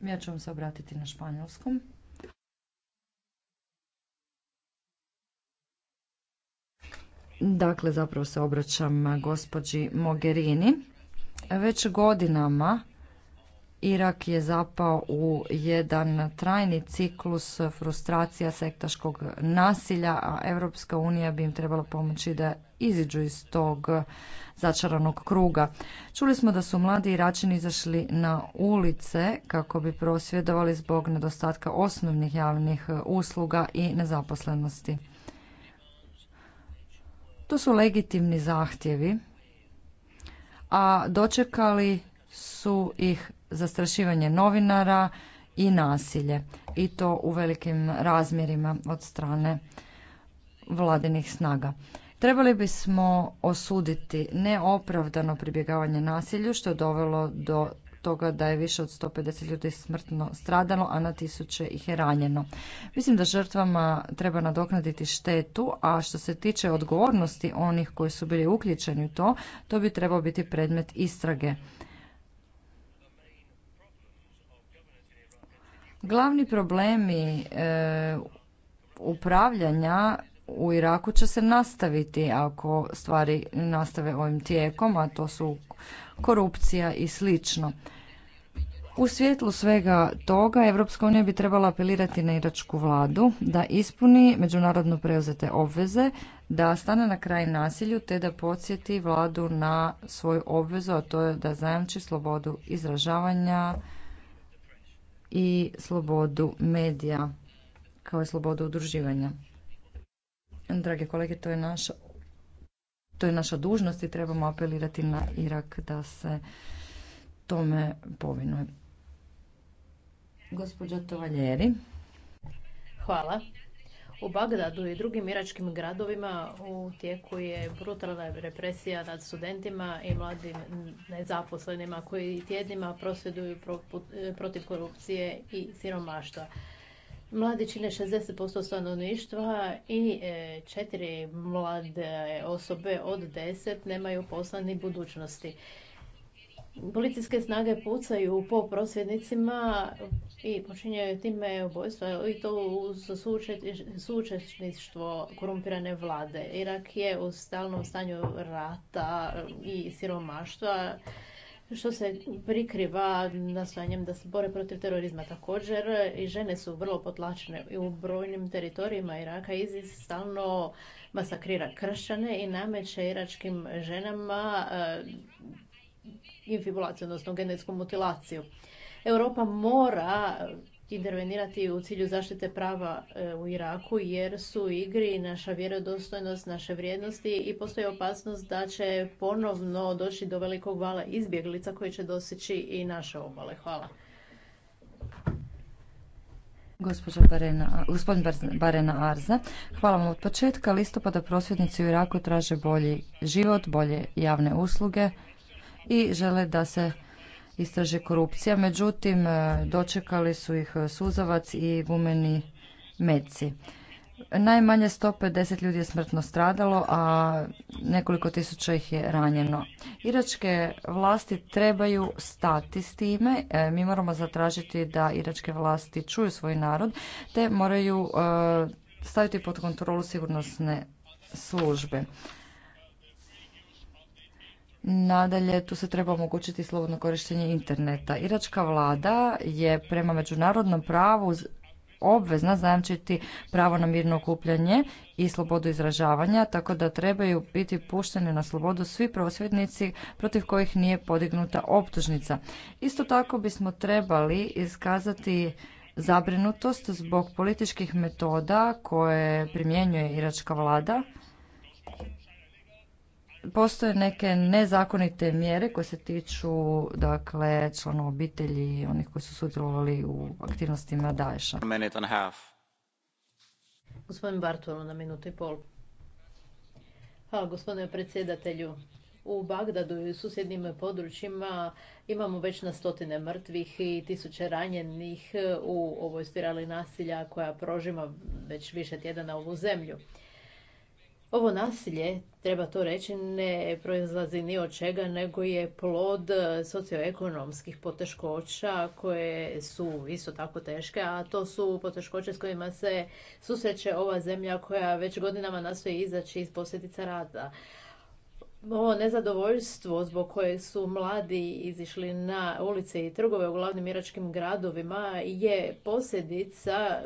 Ja ću vam se obratiti na španjolskom. Dakle, zapravo se obraćam gospođi Mogherini. Već godinama Irak je zapao u jedan trajni ciklus frustracija sektaškog nasilja, a Europska unija bi im trebala pomoći da iziđu iz tog začaranog kruga. Čuli smo da su mladi Iračini izašli na ulice kako bi prosvjedovali zbog nedostatka osnovnih javnih usluga i nezaposlenosti. To su legitimni zahtjevi, a dočekali su ih zastrašivanje novinara i nasilje i to u velikim razmjerima od strane vladinih snaga. Trebali bismo osuditi neopravdano pribjegavanje nasilju što je dovelo do toga da je više od 150 ljudi smrtno stradalo, a na tisuće ih je ranjeno. Mislim da žrtvama treba nadoknaditi štetu, a što se tiče odgovornosti onih koji su bili uključeni u to, to bi trebao biti predmet istrage. Glavni problemi e, upravljanja u Iraku će se nastaviti ako stvari nastave ovim tijekom, a to su korupcija i slično. U svjetlu svega toga Evropska unija bi trebala apelirati na iračku vladu da ispuni međunarodno preuzete obveze, da stane na kraj nasilju te da podsjeti vladu na svoju obvezu, a to je da zajamči slobodu izražavanja, i slobodu medija kao i slobodu udruživanja. Drage kolege, to je naša to je naša dužnost i trebamo apelirati na Irak da se tome povinuje. Gospođa Tovaljeri. Hvala. U Bagdadu i drugim iračkim gradovima u tijeku je brutalna represija nad studentima i mladim nezaposlenima koji tjednima prosvjeduju e, protiv korupcije i siromaštva. Mladi čine 60% stanovništva i e, četiri mlade osobe od deset nemaju posla ni budućnosti. Policijske snage pucaju po prosvjednicima i počinjaju time ubojstva i to uz sučešništvo korumpirane vlade. Irak je u stalnom stanju rata i siromaštva što se prikriva nastojanjem da se bore protiv terorizma također i žene su vrlo potlačene u brojnim teritorijima Iraka ISIS stalno masakrira kršćane i nameće iračkim ženama infibulaciju, odnosno genetsku mutilaciju. Europa mora intervenirati u cilju zaštite prava e, u Iraku jer su u igri naša vjerodostojnost, naše vrijednosti i postoji opasnost da će ponovno doći do velikog vala izbjeglica koji će doseći i naše obale. Hvala. Barena, gospodin Barena Arza, hvala vam od početka. Listopada prosvjednici u Iraku traže bolji život, bolje javne usluge, i žele da se istraže korupcija. Međutim, e, dočekali su ih e, suzavac i gumeni meci. Najmanje 150 ljudi je smrtno stradalo, a nekoliko tisuća ih je ranjeno. Iračke vlasti trebaju stati s time. E, mi moramo zatražiti da iračke vlasti čuju svoj narod, te moraju staviti pod kontrolu sigurnosne službe. Nadalje, tu se treba omogućiti slobodno korištenje interneta. Iračka vlada je prema međunarodnom pravu obvezna zajamčiti pravo na mirno okupljanje i slobodu izražavanja, tako da trebaju biti pušteni na slobodu svi prosvjednici protiv kojih nije podignuta optužnica. Isto tako bismo trebali iskazati zabrinutost zbog političkih metoda koje primjenjuje iračka vlada postoje neke nezakonite mjere koje se tiču dakle članova obitelji onih koji su sudjelovali u aktivnostima Daesha. Gospodin Bartolo na minutu i pol. Hvala gospodine predsjedatelju. U Bagdadu i u susjednim područjima imamo već na stotine mrtvih i tisuće ranjenih u ovoj spirali nasilja koja prožima već više tjedana ovu zemlju. Ovo nasilje, treba to reći, ne proizlazi ni od čega, nego je plod e, socioekonomskih poteškoća koje su isto tako teške, a to su poteškoće s kojima se susreće ova zemlja koja već godinama nastoji izaći iz posljedica rada. Ovo nezadovoljstvo zbog koje su mladi izišli na ulice i trgove u glavnim iračkim gradovima je posljedica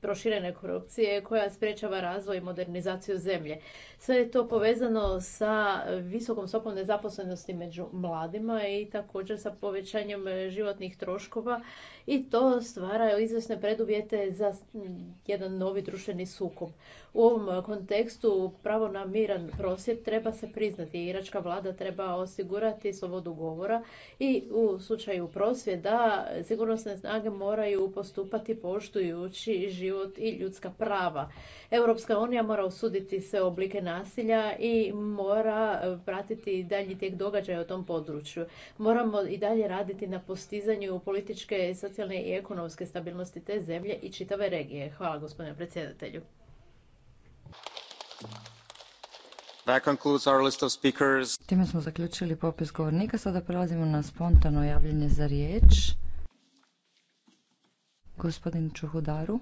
proširene korupcije koja sprečava razvoj i modernizaciju zemlje. Sve je to povezano sa visokom stopom nezaposlenosti među mladima i također sa povećanjem životnih troškova i to stvara izvjesne preduvjete za mm, jedan novi društveni sukob. U ovom e, kontekstu pravo na miran prosvjed treba se priznati. Iračka vlada treba osigurati slobodu govora i u slučaju prosvjeda sigurnosne snage moraju postupati poštujući život i ljudska prava. Europska unija mora osuditi sve oblike nasilja i mora e, pratiti dalji tijek događaja u tom području. Moramo i dalje raditi na postizanju političke socijalne i ekonomske stabilnosti te zemlje i čitave regije. Hvala gospodine predsjedatelju. Time smo zaključili popis govornika. Sada prelazimo na spontano javljanje za riječ. Gospodin Čuhudaru.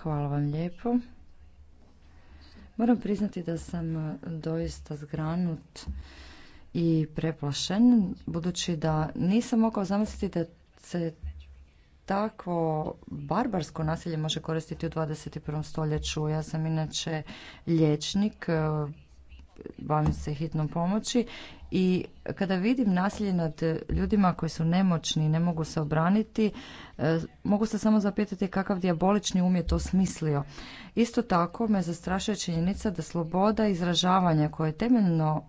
Hvala vam lijepo. Moram priznati da sam doista zgranut i preplašen, budući da nisam mogao zamisliti da se takvo barbarsko nasilje može koristiti u 21. stoljeću. Ja sam inače liječnik, e, bavim se hitnom pomoći i kada vidim nasilje nad ljudima koji su nemoćni i ne mogu se obraniti, e, mogu se samo zapitati kakav dijabolični um je to smislio. Isto tako me zastrašuje činjenica da sloboda izražavanja koje je temeljno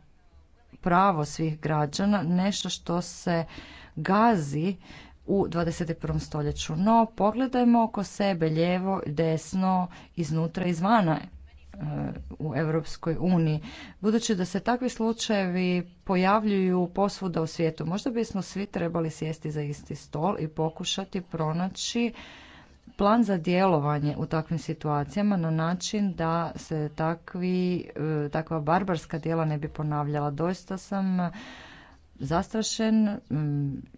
pravo svih građana nešto što se gazi u 21. stoljeću. No, pogledajmo oko sebe, lijevo, desno, iznutra, izvana e, u Europskoj uniji. Budući da se takvi slučajevi pojavljuju posvuda u svijetu, možda bismo svi trebali sjesti za isti stol i pokušati pronaći plan za djelovanje u takvim situacijama na način da se takvi, e, takva barbarska djela ne bi ponavljala. Doista sam e, zastrašen,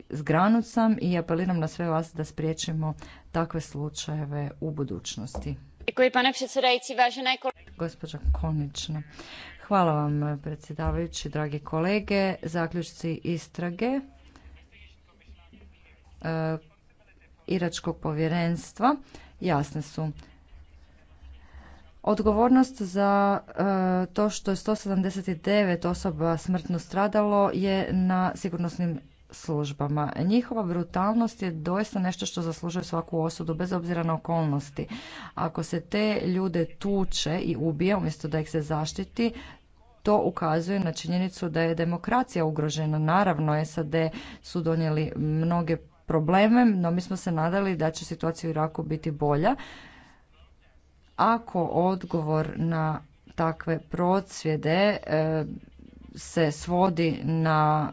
zgranut sam i apeliram na sve vas da spriječimo takve slučajeve u budućnosti. Gospođa Konična. Hvala vam predsjedavajući, dragi kolege. Zaključci istrage e, Iračkog povjerenstva jasne su. Odgovornost za e, to što je 179 osoba smrtno stradalo je na sigurnosnim službama. Njihova brutalnost je doista nešto što zaslužuje svaku osudu bez obzira na okolnosti. Ako se te ljude tuče i ubije umjesto da ih se zaštiti, to ukazuje na činjenicu da je demokracija ugrožena. Naravno, SAD su donijeli mnoge problemem, no mi smo se nadali da će situacija u Iraku biti bolja. Ako odgovor na takve procvjede e, se svodi na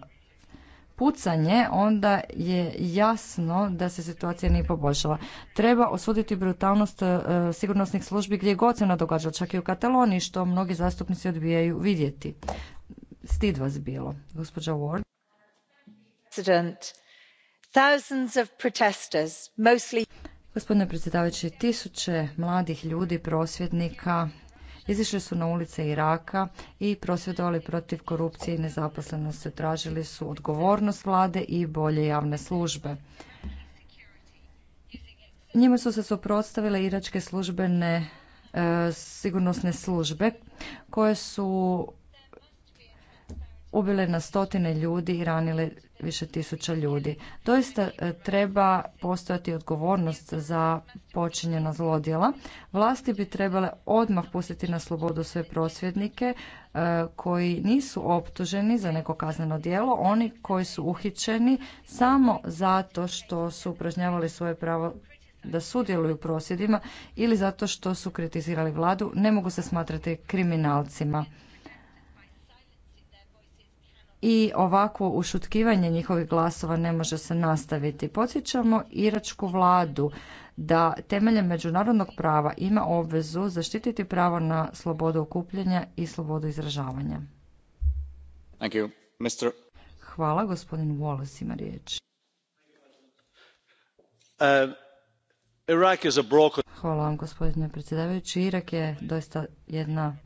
pucanje, onda je jasno da se situacija nije poboljšala. Treba osuditi brutalnost e, sigurnosnih službi gdje god se ona čak i u Kataloniji, što mnogi zastupnici odbijaju vidjeti. Stid vas bilo, gospođa Ward. President. Gospodine predsjedavajući, tisuće mladih ljudi, prosvjednika, izišli su na ulice Iraka i prosvjedovali protiv korupcije i nezaposlenosti. Tražili su odgovornost vlade i bolje javne službe. Njima su se suprotstavile iračke službene e, sigurnosne službe koje su ubile na stotine ljudi i ranile više tisuća ljudi. Doista e, treba postojati odgovornost za počinjena zlodjela. Vlasti bi trebale odmah pustiti na slobodu sve prosvjednike e, koji nisu optuženi za neko kazneno djelo, oni koji su uhićeni samo zato što su upražnjavali svoje pravo da sudjeluju u prosvjedima ili zato što su kritizirali vladu, ne mogu se smatrati kriminalcima i ovakvo ušutkivanje njihovih glasova ne može se nastaviti. Podsjećamo iračku vladu da temeljem međunarodnog prava ima obvezu zaštititi pravo na slobodu okupljanja i slobodu izražavanja. Thank you. Mr. Hvala, gospodin Wallace ima riječ. Uh, Iraq is a broken... Hvala vam, gospodine predsjedavajući. Irak je doista jedna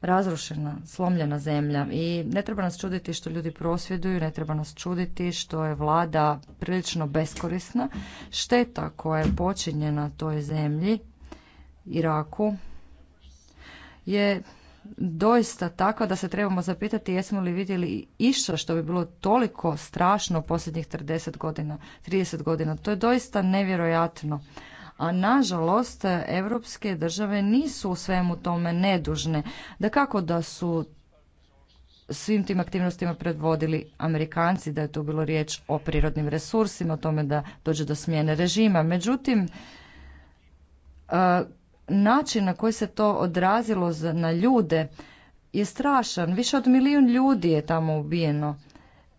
razrušena, slomljena zemlja i ne treba nas čuditi što ljudi prosvjeduju, ne treba nas čuditi što je vlada prilično beskorisna. Šteta koja je počinjena toj zemlji, Iraku, je doista takva da se trebamo zapitati jesmo li vidjeli išta što bi bilo toliko strašno u posljednjih 30 godina. 30 godina. To je doista nevjerojatno a nažalost europske države nisu u svemu tome nedužne. Da kako da su svim tim aktivnostima predvodili Amerikanci, da je tu bilo riječ o prirodnim resursima, o tome da dođe do smjene režima. Međutim, način na koji se to odrazilo na ljude je strašan. Više od milijun ljudi je tamo ubijeno.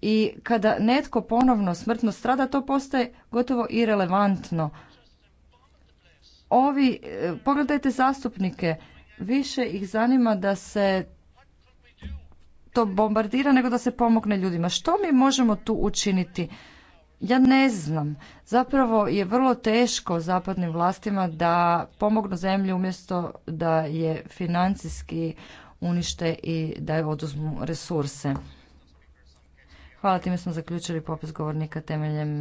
I kada netko ponovno smrtno strada, to postaje gotovo irelevantno. Ovi, e, pogledajte zastupnike, više ih zanima da se to bombardira nego da se pomogne ljudima. Što mi možemo tu učiniti? Ja ne znam. Zapravo je vrlo teško zapadnim vlastima da pomognu zemlju umjesto da je financijski unište i da je oduzmu resurse. Hvala, time smo zaključili popis govornika temeljem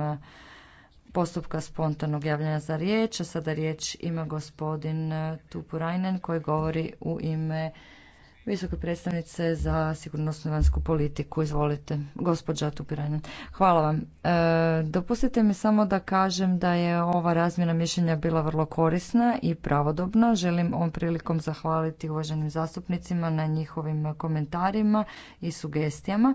postupka spontanog javljanja za riječ. A sada riječ ima gospodin Tupurajnen koji govori u ime visoke predstavnice za sigurnosnu i vanjsku politiku. Izvolite, gospođa Tupirajnen. Hvala vam. E, dopustite mi samo da kažem da je ova razmjena mišljenja bila vrlo korisna i pravodobna. Želim ovom prilikom zahvaliti uvaženim zastupnicima na njihovim komentarima i sugestijama.